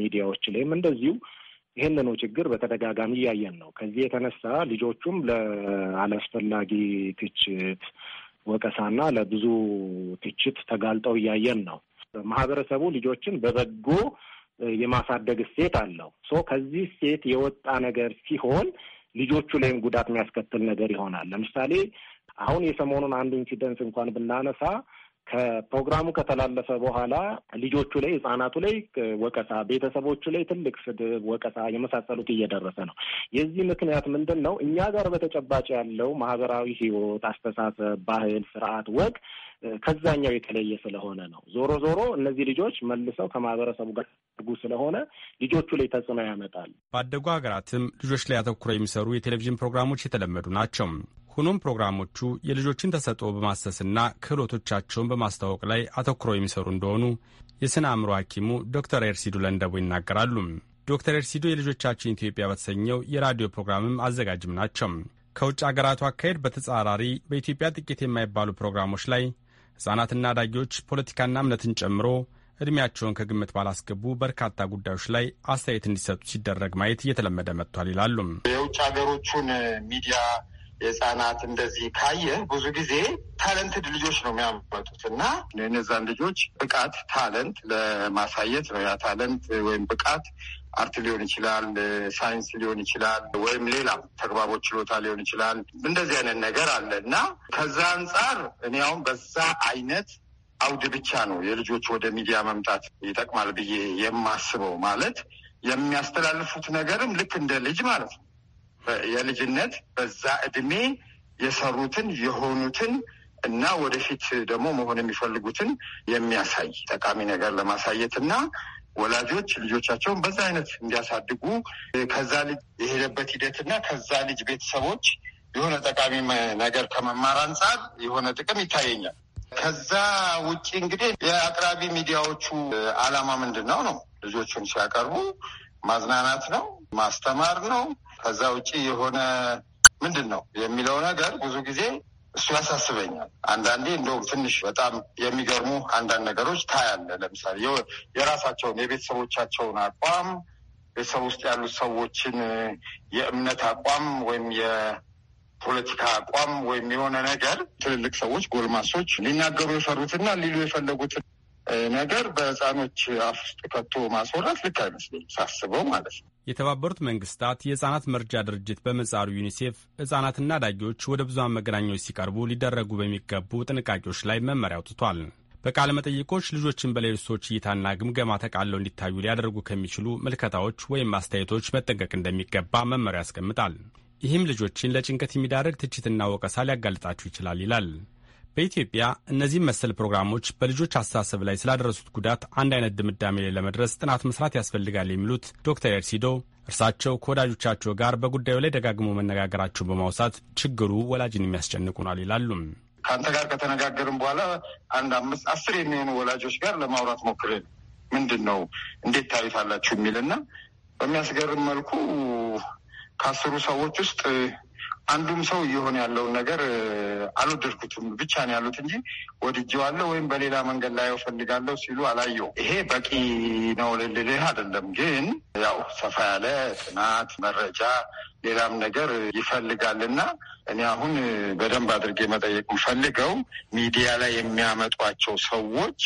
ሚዲያዎች ላይም እንደዚሁ ይህንኑ ችግር በተደጋጋሚ እያየን ነው። ከዚህ የተነሳ ልጆቹም ለአላስፈላጊ ትችት ወቀሳና ለብዙ ትችት ተጋልጠው እያየን ነው። ማህበረሰቡ ልጆችን በበጎ የማሳደግ እሴት አለው። ሶ ከዚህ እሴት የወጣ ነገር ሲሆን ልጆቹ ላይም ጉዳት የሚያስከትል ነገር ይሆናል። ለምሳሌ አሁን የሰሞኑን አንድ ኢንሲደንስ እንኳን ብናነሳ ከፕሮግራሙ ከተላለፈ በኋላ ልጆቹ ላይ ህጻናቱ ላይ ወቀሳ፣ ቤተሰቦቹ ላይ ትልቅ ስድብ፣ ወቀሳ የመሳሰሉት እየደረሰ ነው። የዚህ ምክንያት ምንድን ነው? እኛ ጋር በተጨባጭ ያለው ማህበራዊ ህይወት፣ አስተሳሰብ፣ ባህል፣ ስርዓት፣ ወግ ከዛኛው የተለየ ስለሆነ ነው። ዞሮ ዞሮ እነዚህ ልጆች መልሰው ከማህበረሰቡ ጋር ያደርጉ ስለሆነ ልጆቹ ላይ ተጽዕኖ ያመጣል። ባደጉ ሀገራትም ልጆች ላይ አተኩረው የሚሰሩ የቴሌቪዥን ፕሮግራሞች የተለመዱ ናቸው። ሆኖም ፕሮግራሞቹ የልጆችን ተሰጥኦ በማሰስና ክህሎቶቻቸውን በማስተዋወቅ ላይ አተኩረው የሚሰሩ እንደሆኑ የስነ አእምሮ ሐኪሙ ዶክተር ኤርሲዱ ለንደቡ ይናገራሉ። ዶክተር ኤርሲዱ የልጆቻችን ኢትዮጵያ በተሰኘው የራዲዮ ፕሮግራምም አዘጋጅም ናቸው። ከውጭ አገራቱ አካሄድ በተጻራሪ በኢትዮጵያ ጥቂት የማይባሉ ፕሮግራሞች ላይ ሕፃናትና አዳጊዎች ፖለቲካና እምነትን ጨምሮ ዕድሜያቸውን ከግምት ባላስገቡ በርካታ ጉዳዮች ላይ አስተያየት እንዲሰጡ ሲደረግ ማየት እየተለመደ መጥቷል ይላሉም። የውጭ ሀገሮቹን ሚዲያ የህጻናት እንደዚህ ካየ ብዙ ጊዜ ታለንትድ ልጆች ነው የሚያመጡት እና እነዛን ልጆች ብቃት ታለንት ለማሳየት ነው ያ ታለንት ወይም ብቃት አርት ሊሆን ይችላል፣ ሳይንስ ሊሆን ይችላል፣ ወይም ሌላ ተግባቦት ችሎታ ሊሆን ይችላል። እንደዚህ አይነት ነገር አለ እና ከዛ አንጻር እኔ አሁን በዛ አይነት አውድ ብቻ ነው የልጆች ወደ ሚዲያ መምጣት ይጠቅማል ብዬ የማስበው ማለት የሚያስተላልፉት ነገርም ልክ እንደ ልጅ ማለት ነው የልጅነት በዛ እድሜ የሰሩትን የሆኑትን እና ወደፊት ደግሞ መሆን የሚፈልጉትን የሚያሳይ ጠቃሚ ነገር ለማሳየት እና ወላጆች ልጆቻቸውን በዛ አይነት እንዲያሳድጉ ከዛ ልጅ የሄደበት ሂደት እና ከዛ ልጅ ቤተሰቦች የሆነ ጠቃሚ ነገር ከመማር አንጻር የሆነ ጥቅም ይታየኛል። ከዛ ውጭ እንግዲህ የአቅራቢ ሚዲያዎቹ አላማ ምንድን ነው ነው ልጆቹን ሲያቀርቡ ማዝናናት ነው፣ ማስተማር ነው፣ ከዛ ውጭ የሆነ ምንድን ነው የሚለው ነገር ብዙ ጊዜ እሱ ያሳስበኛል። አንዳንዴ እንደውም ትንሽ በጣም የሚገርሙ አንዳንድ ነገሮች ታያለ። ለምሳሌ የራሳቸውን የቤተሰቦቻቸውን አቋም ቤተሰብ ውስጥ ያሉት ሰዎችን የእምነት አቋም ወይም የፖለቲካ አቋም ወይም የሆነ ነገር ትልልቅ ሰዎች ጎልማሶች ሊናገሩ የፈሩትና ሊሉ የፈለጉትን ነገር በህፃኖች አፍ ውስጥ ከቶ ማስወራት ልክ አይመስለኝም ሳስበው ማለት ነው። የተባበሩት መንግስታት የህጻናት መርጃ ድርጅት በመጻሩ ዩኒሴፍ ህጻናትና አዳጊዎች ወደ ብዙሃን መገናኛዎች ሲቀርቡ ሊደረጉ በሚገቡ ጥንቃቄዎች ላይ መመሪያ አውጥቷል። በቃለ መጠይቆች ልጆችን በሌሎች ሰዎች እይታና ግምገማ ተቃለው እንዲታዩ ሊያደርጉ ከሚችሉ ምልከታዎች ወይም አስተያየቶች መጠንቀቅ እንደሚገባ መመሪያ ያስቀምጣል። ይህም ልጆችን ለጭንቀት የሚዳርግ ትችትና ወቀሳ ሊያጋልጣችሁ ይችላል ይላል። በኢትዮጵያ እነዚህም መሰል ፕሮግራሞች በልጆች አስተሳሰብ ላይ ስላደረሱት ጉዳት አንድ አይነት ድምዳሜ ላይ ለመድረስ ጥናት መስራት ያስፈልጋል የሚሉት ዶክተር ኤርሲዶ እርሳቸው ከወዳጆቻቸው ጋር በጉዳዩ ላይ ደጋግሞ መነጋገራቸውን በማውሳት ችግሩ ወላጅን የሚያስጨንቁናል ይላሉም። ከአንተ ጋር ከተነጋገርን በኋላ አንድ አምስት አስር የሚሆኑ ወላጆች ጋር ለማውራት ሞክር ምንድን ነው እንዴት ታሪፍ አላችሁ የሚልና በሚያስገርም መልኩ ከአስሩ ሰዎች ውስጥ አንዱም ሰው እየሆነ ያለውን ነገር አልወደድኩትም ብቻ ነው ያሉት እንጂ ወድጀዋለሁ ወይም በሌላ መንገድ ላይ ፈልጋለሁ ሲሉ አላየው። ይሄ በቂ ነው ልልህ አይደለም፣ ግን ያው ሰፋ ያለ ጥናት መረጃ፣ ሌላም ነገር ይፈልጋልና እኔ አሁን በደንብ አድርጌ መጠየቅ የምፈልገው ሚዲያ ላይ የሚያመጧቸው ሰዎች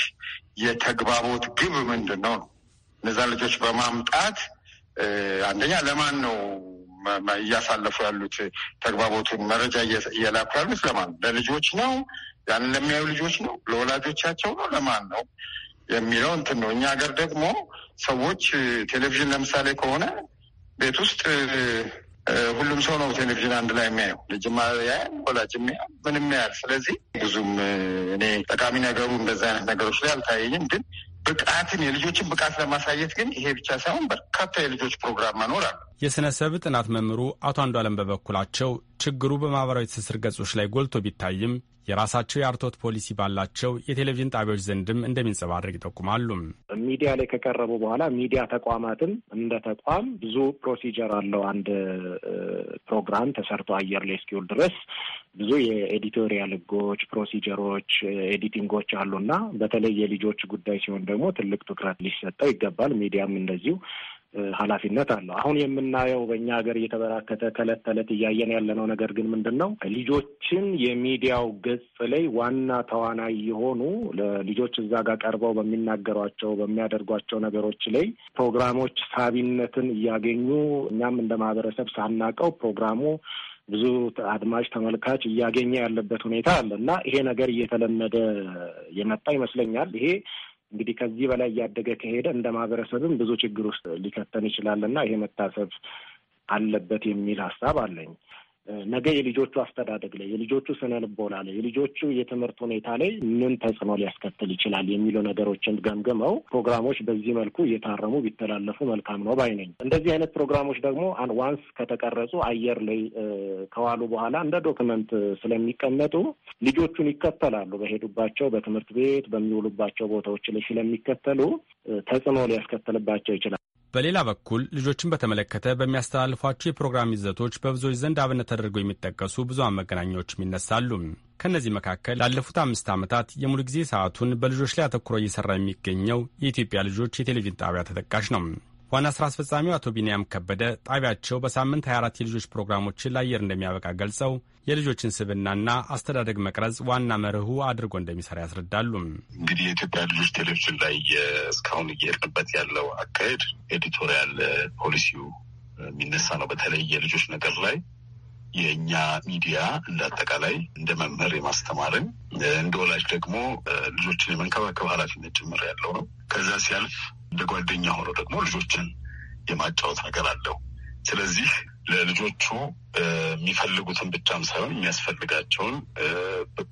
የተግባቦት ግብ ምንድን ነው ነው እነዛ ልጆች በማምጣት አንደኛ ለማን ነው እያሳለፉ ያሉት ተግባቦቱን መረጃ እየላኩ ያሉት ለማን ነው? ለልጆች ነው? ያንን ለሚያዩ ልጆች ነው? ለወላጆቻቸው ነው? ለማን ነው የሚለው እንትን ነው። እኛ ሀገር ደግሞ ሰዎች ቴሌቪዥን ለምሳሌ ከሆነ ቤት ውስጥ ሁሉም ሰው ነው ቴሌቪዥን አንድ ላይ የሚያየው። ልጅማ ያያል፣ ወላጅም ያያል፣ ምንም ያል። ስለዚህ ብዙም እኔ ጠቃሚ ነገሩ እንደዚህ አይነት ነገሮች ላይ አልታየኝም። ግን ብቃትን የልጆችን ብቃት ለማሳየት ግን ይሄ ብቻ ሳይሆን በርካታ የልጆች ፕሮግራም መኖር አለ። ሰብ ጥናት መምህሩ አቶ አንዷለም በበኩላቸው ችግሩ በማህበራዊ ትስስር ገጾች ላይ ጎልቶ ቢታይም የራሳቸው የአርቶት ፖሊሲ ባላቸው የቴሌቪዥን ጣቢያዎች ዘንድም እንደሚንጸባረቅ ይጠቁማሉ። ሚዲያ ላይ ከቀረቡ በኋላ ሚዲያ ተቋማትም እንደ ተቋም ብዙ ፕሮሲጀር አለው። አንድ ፕሮግራም ተሰርቶ አየር ላይ እስኪውል ድረስ ብዙ የኤዲቶሪያል ህጎች፣ ፕሮሲጀሮች፣ ኤዲቲንጎች አሉና በተለይ የልጆች ጉዳይ ሲሆን ደግሞ ትልቅ ትኩረት ሊሰጠው ይገባል። ሚዲያም እንደዚሁ ኃላፊነት አለው። አሁን የምናየው በእኛ ሀገር እየተበራከተ ከእለት ተዕለት እያየን ያለነው ነገር ግን ምንድን ነው ልጆችን የሚዲያው ገጽ ላይ ዋና ተዋናይ የሆኑ ለልጆች እዛ ጋር ቀርበው በሚናገሯቸው በሚያደርጓቸው ነገሮች ላይ ፕሮግራሞች ሳቢነትን እያገኙ እኛም እንደ ማህበረሰብ ሳናቀው ፕሮግራሙ ብዙ አድማጭ ተመልካች እያገኘ ያለበት ሁኔታ አለ እና ይሄ ነገር እየተለመደ የመጣ ይመስለኛል። ይሄ እንግዲህ ከዚህ በላይ እያደገ ከሄደ እንደ ማህበረሰብም ብዙ ችግር ውስጥ ሊከተን ይችላልና ይሄ መታሰብ አለበት የሚል ሀሳብ አለኝ። ነገ የልጆቹ አስተዳደግ ላይ፣ የልጆቹ ስነ ልቦና ላይ፣ የልጆቹ የትምህርት ሁኔታ ላይ ምን ተጽዕኖ ሊያስከትል ይችላል የሚሉ ነገሮችን ገምግመው ፕሮግራሞች በዚህ መልኩ እየታረሙ ቢተላለፉ መልካም ነው ባይ ነኝ። እንደዚህ አይነት ፕሮግራሞች ደግሞ ዋንስ ከተቀረጹ አየር ላይ ከዋሉ በኋላ እንደ ዶክመንት ስለሚቀመጡ ልጆቹን ይከተላሉ። በሄዱባቸው በትምህርት ቤት በሚውሉባቸው ቦታዎች ላይ ስለሚከተሉ ተጽዕኖ ሊያስከትልባቸው ይችላል። በሌላ በኩል ልጆችን በተመለከተ በሚያስተላልፏቸው የፕሮግራም ይዘቶች በብዙዎች ዘንድ አብነት ተደርገው የሚጠቀሱ ብዙሃን መገናኛዎችም ይነሳሉ። ከእነዚህ መካከል ላለፉት አምስት ዓመታት የሙሉ ጊዜ ሰዓቱን በልጆች ላይ አተኩሮ እየሰራ የሚገኘው የኢትዮጵያ ልጆች የቴሌቪዥን ጣቢያ ተጠቃሽ ነው። ዋና ስራ አስፈጻሚው አቶ ቢንያም ከበደ ጣቢያቸው በሳምንት 24 የልጆች ፕሮግራሞችን ለአየር እንደሚያበቃ ገልጸው የልጆችን ስብናና አስተዳደግ መቅረጽ ዋና መርሁ አድርጎ እንደሚሰራ ያስረዳሉ። እንግዲህ የኢትዮጵያ ልጆች ቴሌቪዥን ላይ እስካሁን እየሄድንበት ያለው አካሄድ ኤዲቶሪያል ፖሊሲው የሚነሳ ነው። በተለይ የልጆች ነገር ላይ የእኛ ሚዲያ እንደ አጠቃላይ እንደ መምህር የማስተማርን እንደ ወላጅ ደግሞ ልጆችን የመንከባከብ ኃላፊነት ጭምር ያለው ነው። ከዛ ሲያልፍ እንደ ጓደኛ ሆኖ ደግሞ ልጆችን የማጫወት ነገር አለው። ስለዚህ ለልጆቹ የሚፈልጉትን ብቻም ሳይሆን የሚያስፈልጋቸውን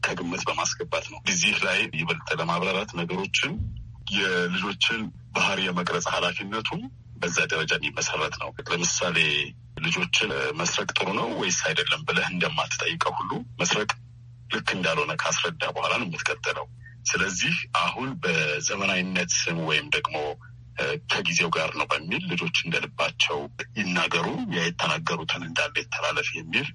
ከግምት በማስገባት ነው። እዚህ ላይ ይበልጥ ለማብራራት ነገሮችን የልጆችን ባህሪ የመቅረጽ ኃላፊነቱም በዛ ደረጃ የሚመሰረት ነው። ለምሳሌ ልጆችን መስረቅ ጥሩ ነው ወይስ አይደለም ብለህ እንደማትጠይቀው ሁሉ መስረቅ ልክ እንዳልሆነ ካስረዳ በኋላ ነው የምትቀጥለው። ስለዚህ አሁን በዘመናዊነት ስም ወይም ደግሞ ከጊዜው ጋር ነው በሚል ልጆች እንደልባቸው ይናገሩ፣ የተናገሩትን እንዳለ ይተላለፍ የሚል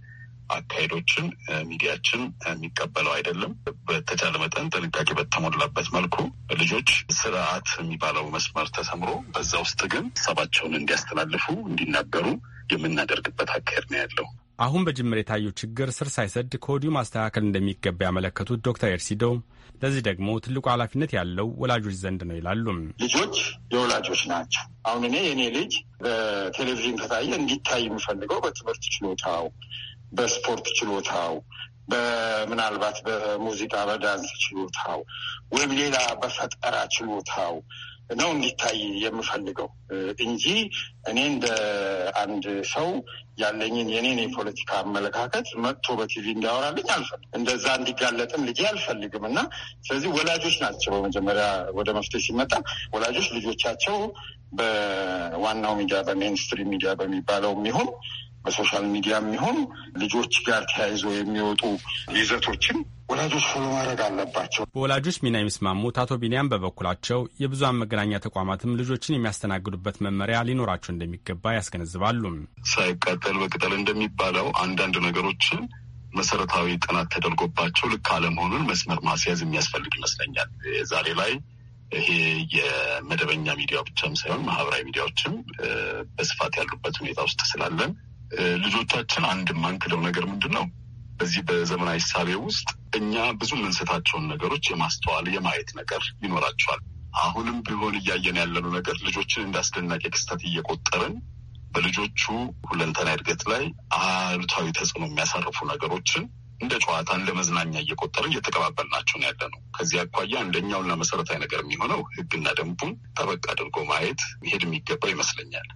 አካሄዶችን ሚዲያችን የሚቀበለው አይደለም። በተቻለ መጠን ጥንቃቄ በተሞላበት መልኩ ልጆች ስርዓት የሚባለው መስመር ተሰምሮ በዛ ውስጥ ግን ሀሳባቸውን እንዲያስተላልፉ እንዲናገሩ የምናደርግበት አካሄድ ነው ያለው። አሁን በጅምር የታየው ችግር ስር ሳይሰድ ከወዲሁ ማስተካከል እንደሚገባ ያመለከቱት ዶክተር ኤርሲዶ ለዚህ ደግሞ ትልቁ ኃላፊነት ያለው ወላጆች ዘንድ ነው ይላሉም። ልጆች የወላጆች ናቸው። አሁን እኔ የእኔ ልጅ በቴሌቪዥን ከታየ እንዲታይ የሚፈልገው በትምህርት ችሎታው በስፖርት ችሎታው በምናልባት በሙዚቃ በዳንስ ችሎታው ወይም ሌላ በፈጠራ ችሎታው ነው እንዲታይ የምፈልገው እንጂ እኔ እንደ አንድ ሰው ያለኝን የኔን የፖለቲካ አመለካከት መጥቶ በቲቪ እንዲያወራልኝ አልፈልግም። እንደዛ እንዲጋለጥም ልጄ አልፈልግም እና ስለዚህ ወላጆች ናቸው በመጀመሪያ ወደ መፍትሄ ሲመጣ ወላጆች ልጆቻቸው በዋናው ሚዲያ በሜንስትሪም ሚዲያ በሚባለው የሚሆን በሶሻል ሚዲያ የሚሆን ልጆች ጋር ተያይዞ የሚወጡ ይዘቶችን ወላጆች ፎሎ ማድረግ አለባቸው። በወላጆች ሚና የሚስማሙት አቶ ቢኒያም በበኩላቸው የብዙን መገናኛ ተቋማትም ልጆችን የሚያስተናግዱበት መመሪያ ሊኖራቸው እንደሚገባ ያስገነዝባሉ። ሳይቃጠል በቅጠል እንደሚባለው አንዳንድ ነገሮችን መሰረታዊ ጥናት ተደርጎባቸው ልክ አለመሆኑን መስመር ማስያዝ የሚያስፈልግ ይመስለኛል። ዛሬ ላይ ይሄ የመደበኛ ሚዲያ ብቻም ሳይሆን ማህበራዊ ሚዲያዎችም በስፋት ያሉበት ሁኔታ ውስጥ ስላለን ልጆቻችን አንድ የማንክደው ነገር ምንድን ነው? በዚህ በዘመናዊ ሳቤ ውስጥ እኛ ብዙ የምንስታቸውን ነገሮች የማስተዋል የማየት ነገር ይኖራቸዋል። አሁንም ቢሆን እያየን ያለነው ነገር ልጆችን እንዳስደናቂ ክስተት እየቆጠርን በልጆቹ ሁለንተና እድገት ላይ አሉታዊ ተጽዕኖ የሚያሳርፉ ነገሮችን እንደ ጨዋታ እንደ መዝናኛ እየቆጠርን እየተቀባበልናቸው ነው ያለ ነው። ከዚህ አኳያ አንደኛውና መሰረታዊ ነገር የሚሆነው ሕግና ደንቡን ጠበቅ አድርጎ ማየት መሄድ የሚገባው ይመስለኛል።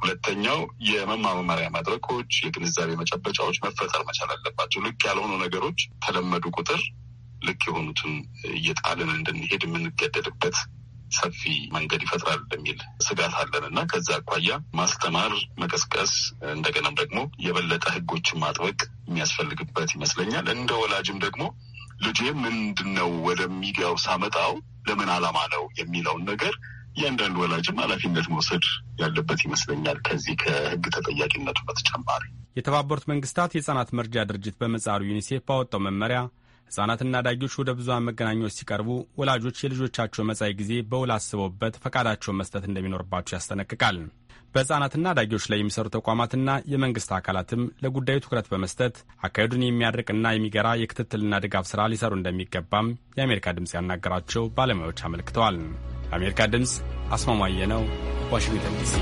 ሁለተኛው የመማመሪያ መድረኮች፣ የግንዛቤ መጨበጫዎች መፈጠር መቻል አለባቸው። ልክ ያልሆኑ ነገሮች ተለመዱ ቁጥር ልክ የሆኑትን እየጣልን እንድንሄድ የምንገደድበት ሰፊ መንገድ ይፈጥራል የሚል ስጋት አለን እና ከዛ አኳያ ማስተማር፣ መቀስቀስ እንደገናም ደግሞ የበለጠ ህጎችን ማጥበቅ የሚያስፈልግበት ይመስለኛል። እንደ ወላጅም ደግሞ ልጄ ምንድን ነው ወደ ሚዲያው ሳመጣው ለምን አላማ ነው የሚለውን ነገር እያንዳንዱ ወላጅም ኃላፊነት መውሰድ ያለበት ይመስለኛል። ከዚህ ከህግ ተጠያቂነቱ በተጨማሪ የተባበሩት መንግስታት የህጻናት መርጃ ድርጅት በመጻሩ ዩኒሴፍ ባወጣው መመሪያ ህጻናትና አዳጊዎች ወደ ብዙን መገናኛዎች ሲቀርቡ ወላጆች የልጆቻቸው መጻኢ ጊዜ በውል አስበውበት ፈቃዳቸውን መስጠት እንደሚኖርባቸው ያስጠነቅቃል። በህጻናትና አዳጊዎች ላይ የሚሰሩ ተቋማትና የመንግስት አካላትም ለጉዳዩ ትኩረት በመስጠት አካሄዱን የሚያድርቅና የሚገራ የክትትልና ድጋፍ ስራ ሊሰሩ እንደሚገባም የአሜሪካ ድምፅ ያናገራቸው ባለሙያዎች አመልክተዋል። የአሜሪካ ድምፅ አስማማየ ነው፣ ዋሽንግተን ዲሲ።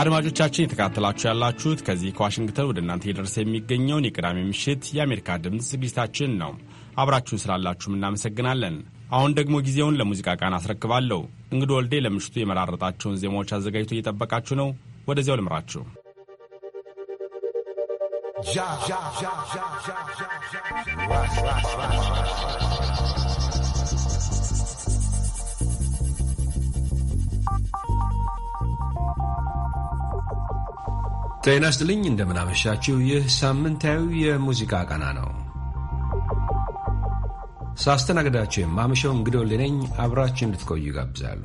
አድማጮቻችን የተካተላችሁ ያላችሁት ከዚህ ከዋሽንግተን ወደ እናንተ የደርሰ የሚገኘውን የቅዳሜ ምሽት የአሜሪካ ድምፅ ዝግጅታችን ነው። አብራችሁን ስላላችሁም እናመሰግናለን። አሁን ደግሞ ጊዜውን ለሙዚቃ ቃና አስረክባለሁ። እንግዲህ ወልዴ ለምሽቱ የመራረጣቸውን ዜማዎች አዘጋጅቶ እየጠበቃችሁ ነው። ወደዚያው ልምራችሁ። Já, já, já, já, já, já, já, já, já, já, já. ጤና ይስጥልኝ እንደምናመሻችሁ። ይህ ሳምንታዊ የሙዚቃ ቀና ነው። ሳስተናግዳችሁ የማመሸው እንግዶልነኝ አብራችን እንድትቆዩ ይጋብዛሉ።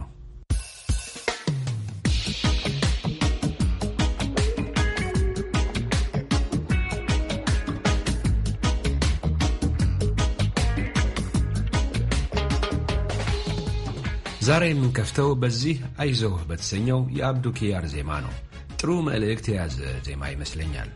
ዛሬ የምንከፍተው በዚህ አይዞህ በተሰኘው የአብዱኪያር ዜማ ነው። ጥሩ መልእክት የያዘ ዜማ ይመስለኛል።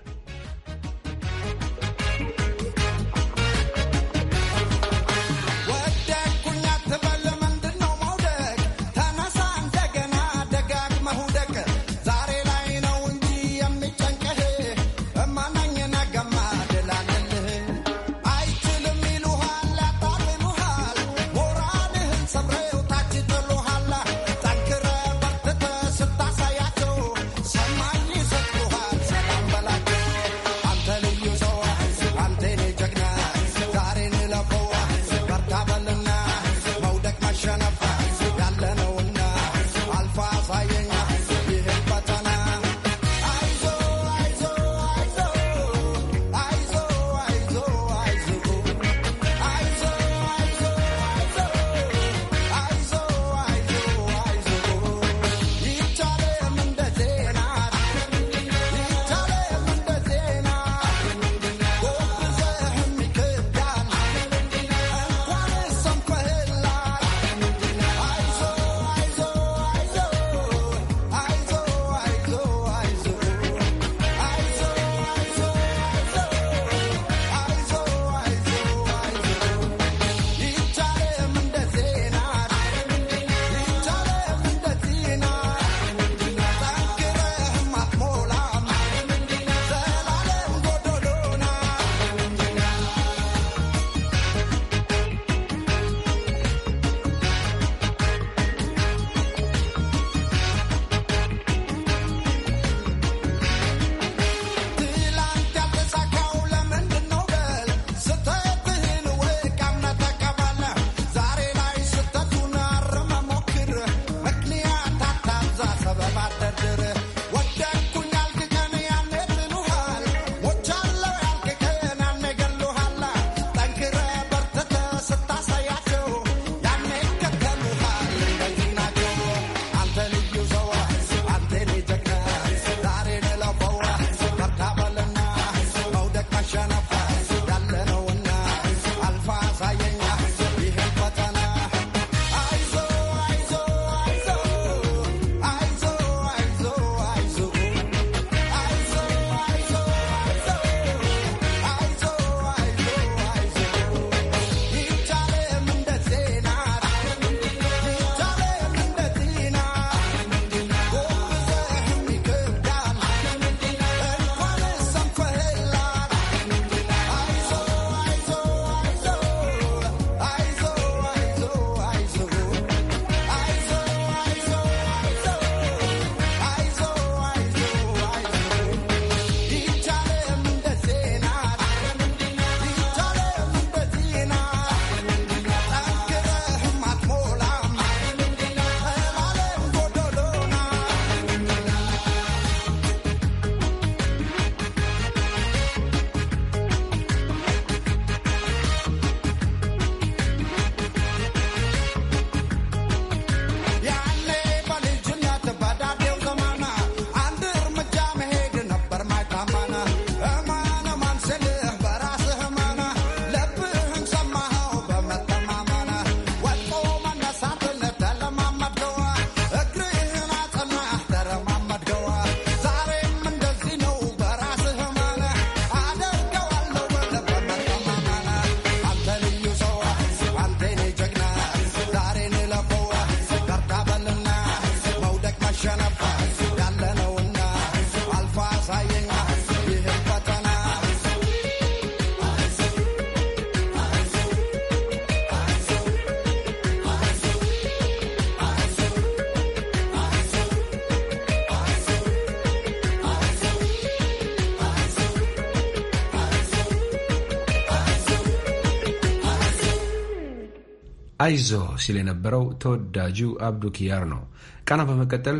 አይዞ ሲል የነበረው ተወዳጁ አብዱ ኪያር ነው። ቀና በመቀጠል አይ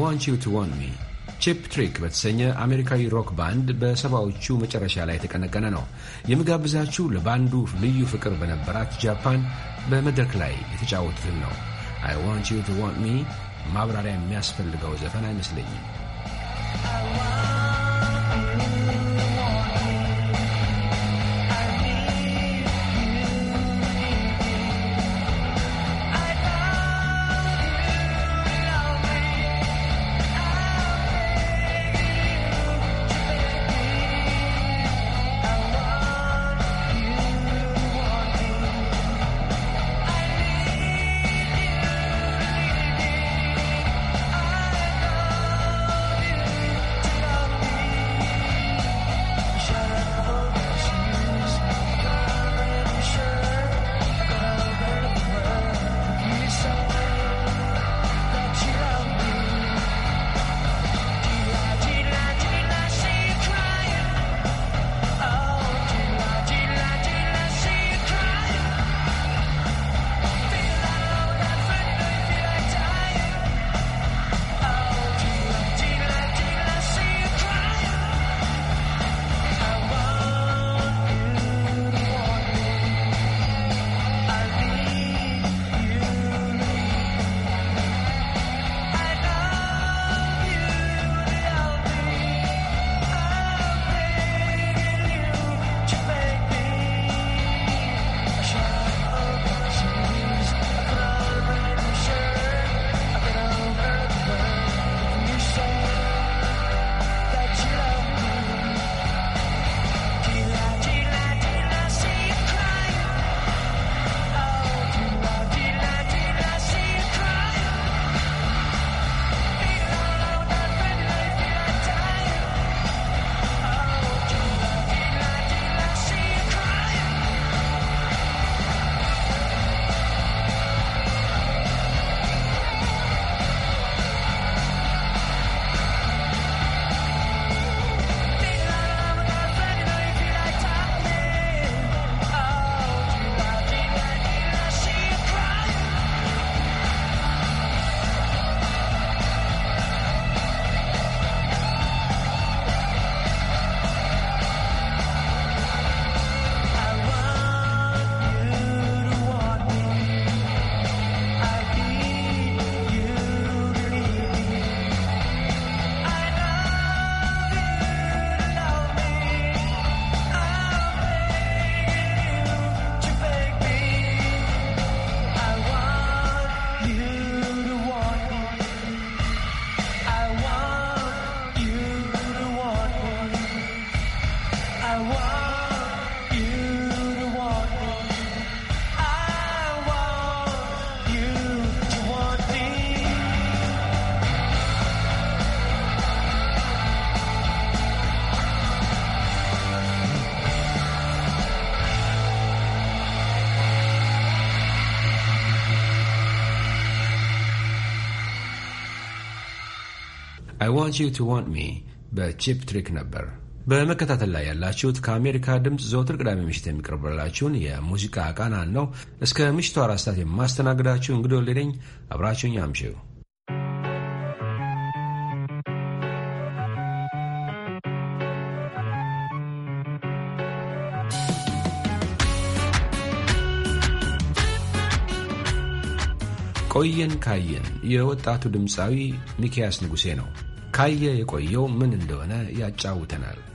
ዋንት ዩ ቱ ዋንት ሚ ቺፕ ትሪክ በተሰኘ አሜሪካዊ ሮክ ባንድ በሰባዎቹ መጨረሻ ላይ የተቀነቀነ ነው። የምጋብዛችሁ ለባንዱ ልዩ ፍቅር በነበራት ጃፓን በመድረክ ላይ የተጫወቱትን ነው። አይ ዋንት ዩ ቱ ዋንት ሚ ማብራሪያ የሚያስፈልገው ዘፈን አይመስለኝም። ዋንት ዩ ቱ ዋንት ሚ በቺፕ ትሪክ ነበር። በመከታተል ላይ ያላችሁት ከአሜሪካ ድምፅ ዘውትር ቅዳሜ ምሽት የሚቀርብላችሁን የሙዚቃ ቃናን ነው። እስከ ምሽቱ አራት ሰዓት የማስተናግዳችሁ እንግዲህ ወሌደኝ አብራችሁኝ አምሽው። ቆየን ካየን የወጣቱ ድምፃዊ ሚኪያስ ንጉሴ ነው። 开一个有门路的业务才能。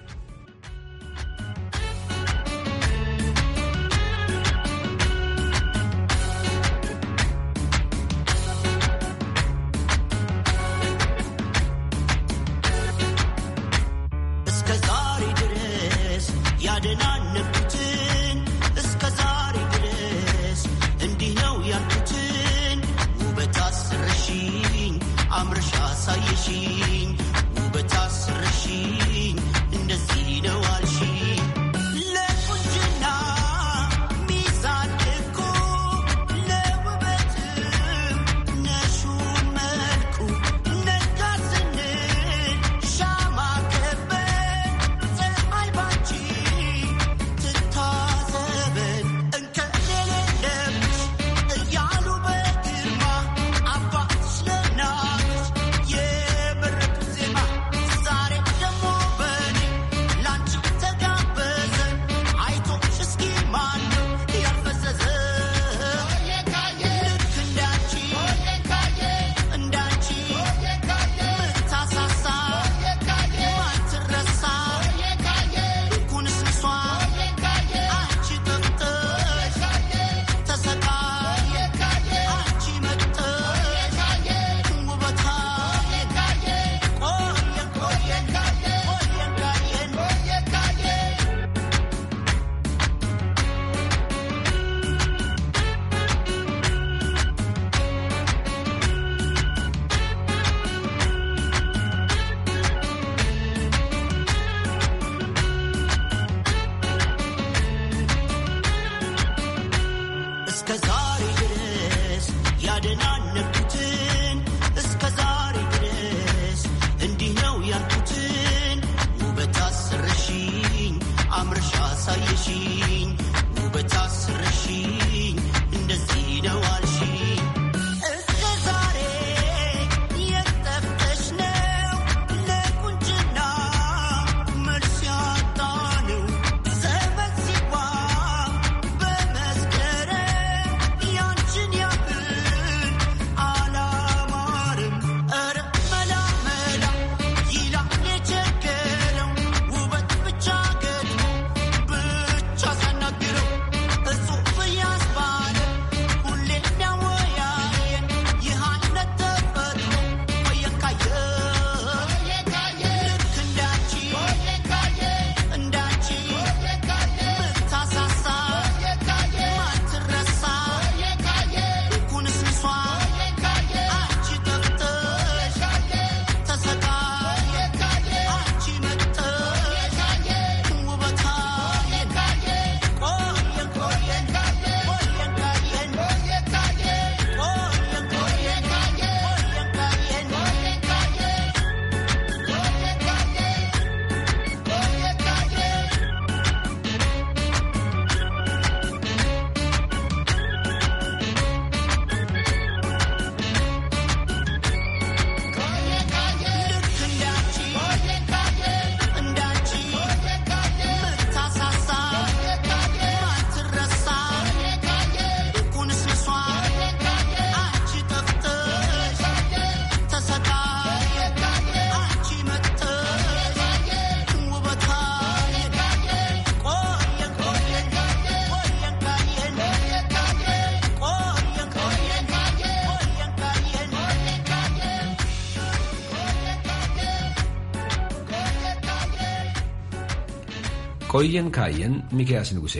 ቆየን ካየን ሚኪያስ ንጉሴ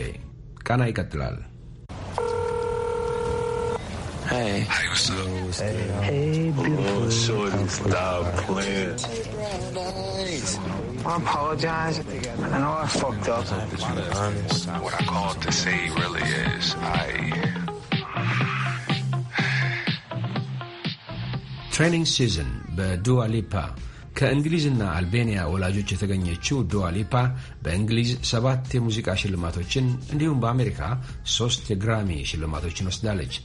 ቃና ይቀጥላል። ትሬኒንግ ሲዝን በዱዋ ሊፓ ከእንግሊዝና አልቤኒያ ወላጆች የተገኘችው ዱዋሊፓ በእንግሊዝ ሰባት የሙዚቃ ሽልማቶችን እንዲሁም በአሜሪካ ሶስት የግራሚ ሽልማቶችን ወስዳለች።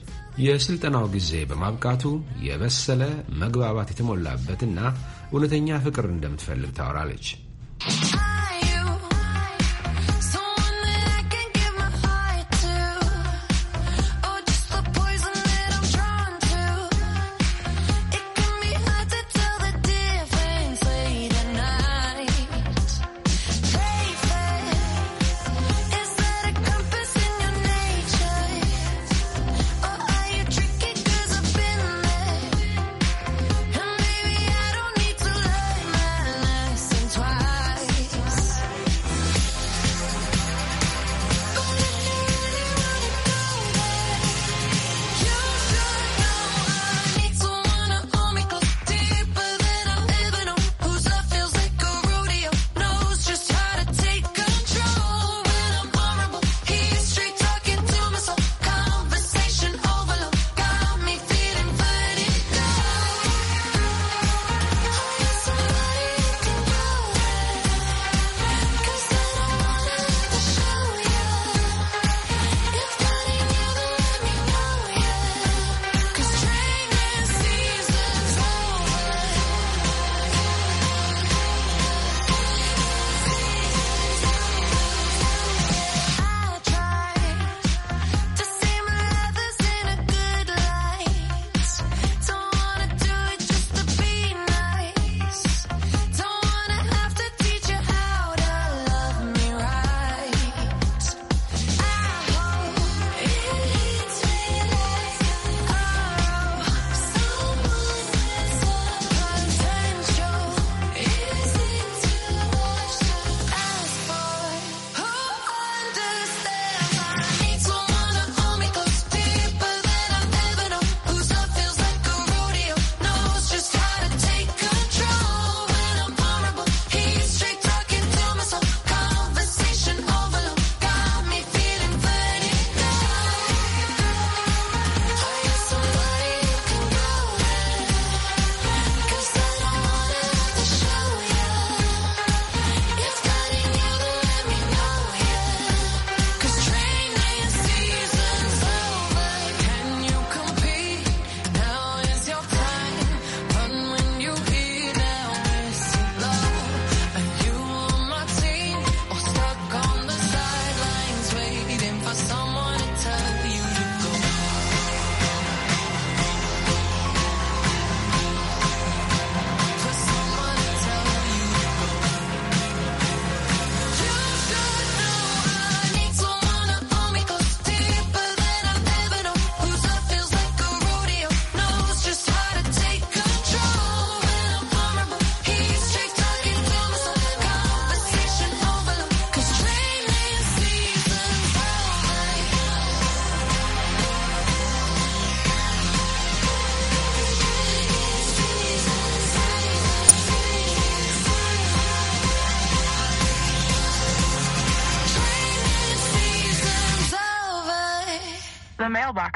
የሥልጠናው ጊዜ በማብቃቱ የበሰለ መግባባት የተሞላበትና እውነተኛ ፍቅር እንደምትፈልግ ታወራለች።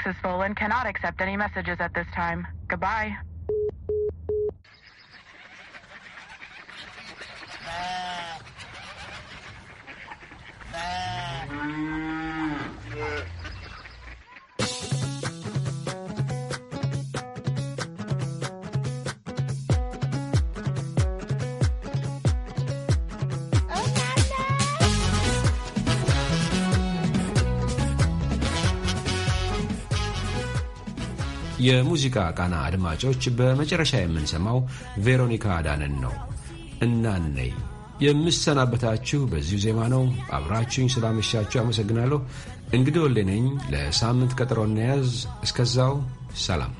Mrs. Solon cannot accept any messages at this time. Goodbye. የሙዚቃ ቃና አድማጮች፣ በመጨረሻ የምንሰማው ቬሮኒካ አዳንን ነው። እናነይ የምሰናበታችሁ በዚሁ ዜማ ነው። አብራችሁኝ ስላመሻችሁ አመሰግናለሁ። እንግዲህ ወሌ ነኝ። ለሳምንት ቀጠሮ እናያዝ። እስከዛው ሰላም።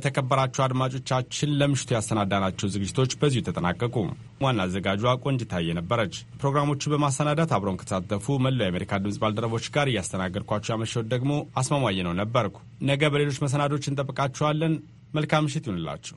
የተከበራችሁ አድማጮቻችን ለምሽቱ ያሰናዳናቸው ዝግጅቶች በዚሁ ተጠናቀቁ። ዋና አዘጋጇ ቆንጅታዬ ነበረች። ፕሮግራሞቹ በማሰናዳት አብረን ከተሳተፉ መላው የአሜሪካ ድምፅ ባልደረቦች ጋር እያስተናገድኳችሁ ያመሸሁት ደግሞ አስማማየ ነው ነበርኩ። ነገ በሌሎች መሰናዶች እንጠብቃችኋለን። መልካም ምሽት ይሁንላችሁ።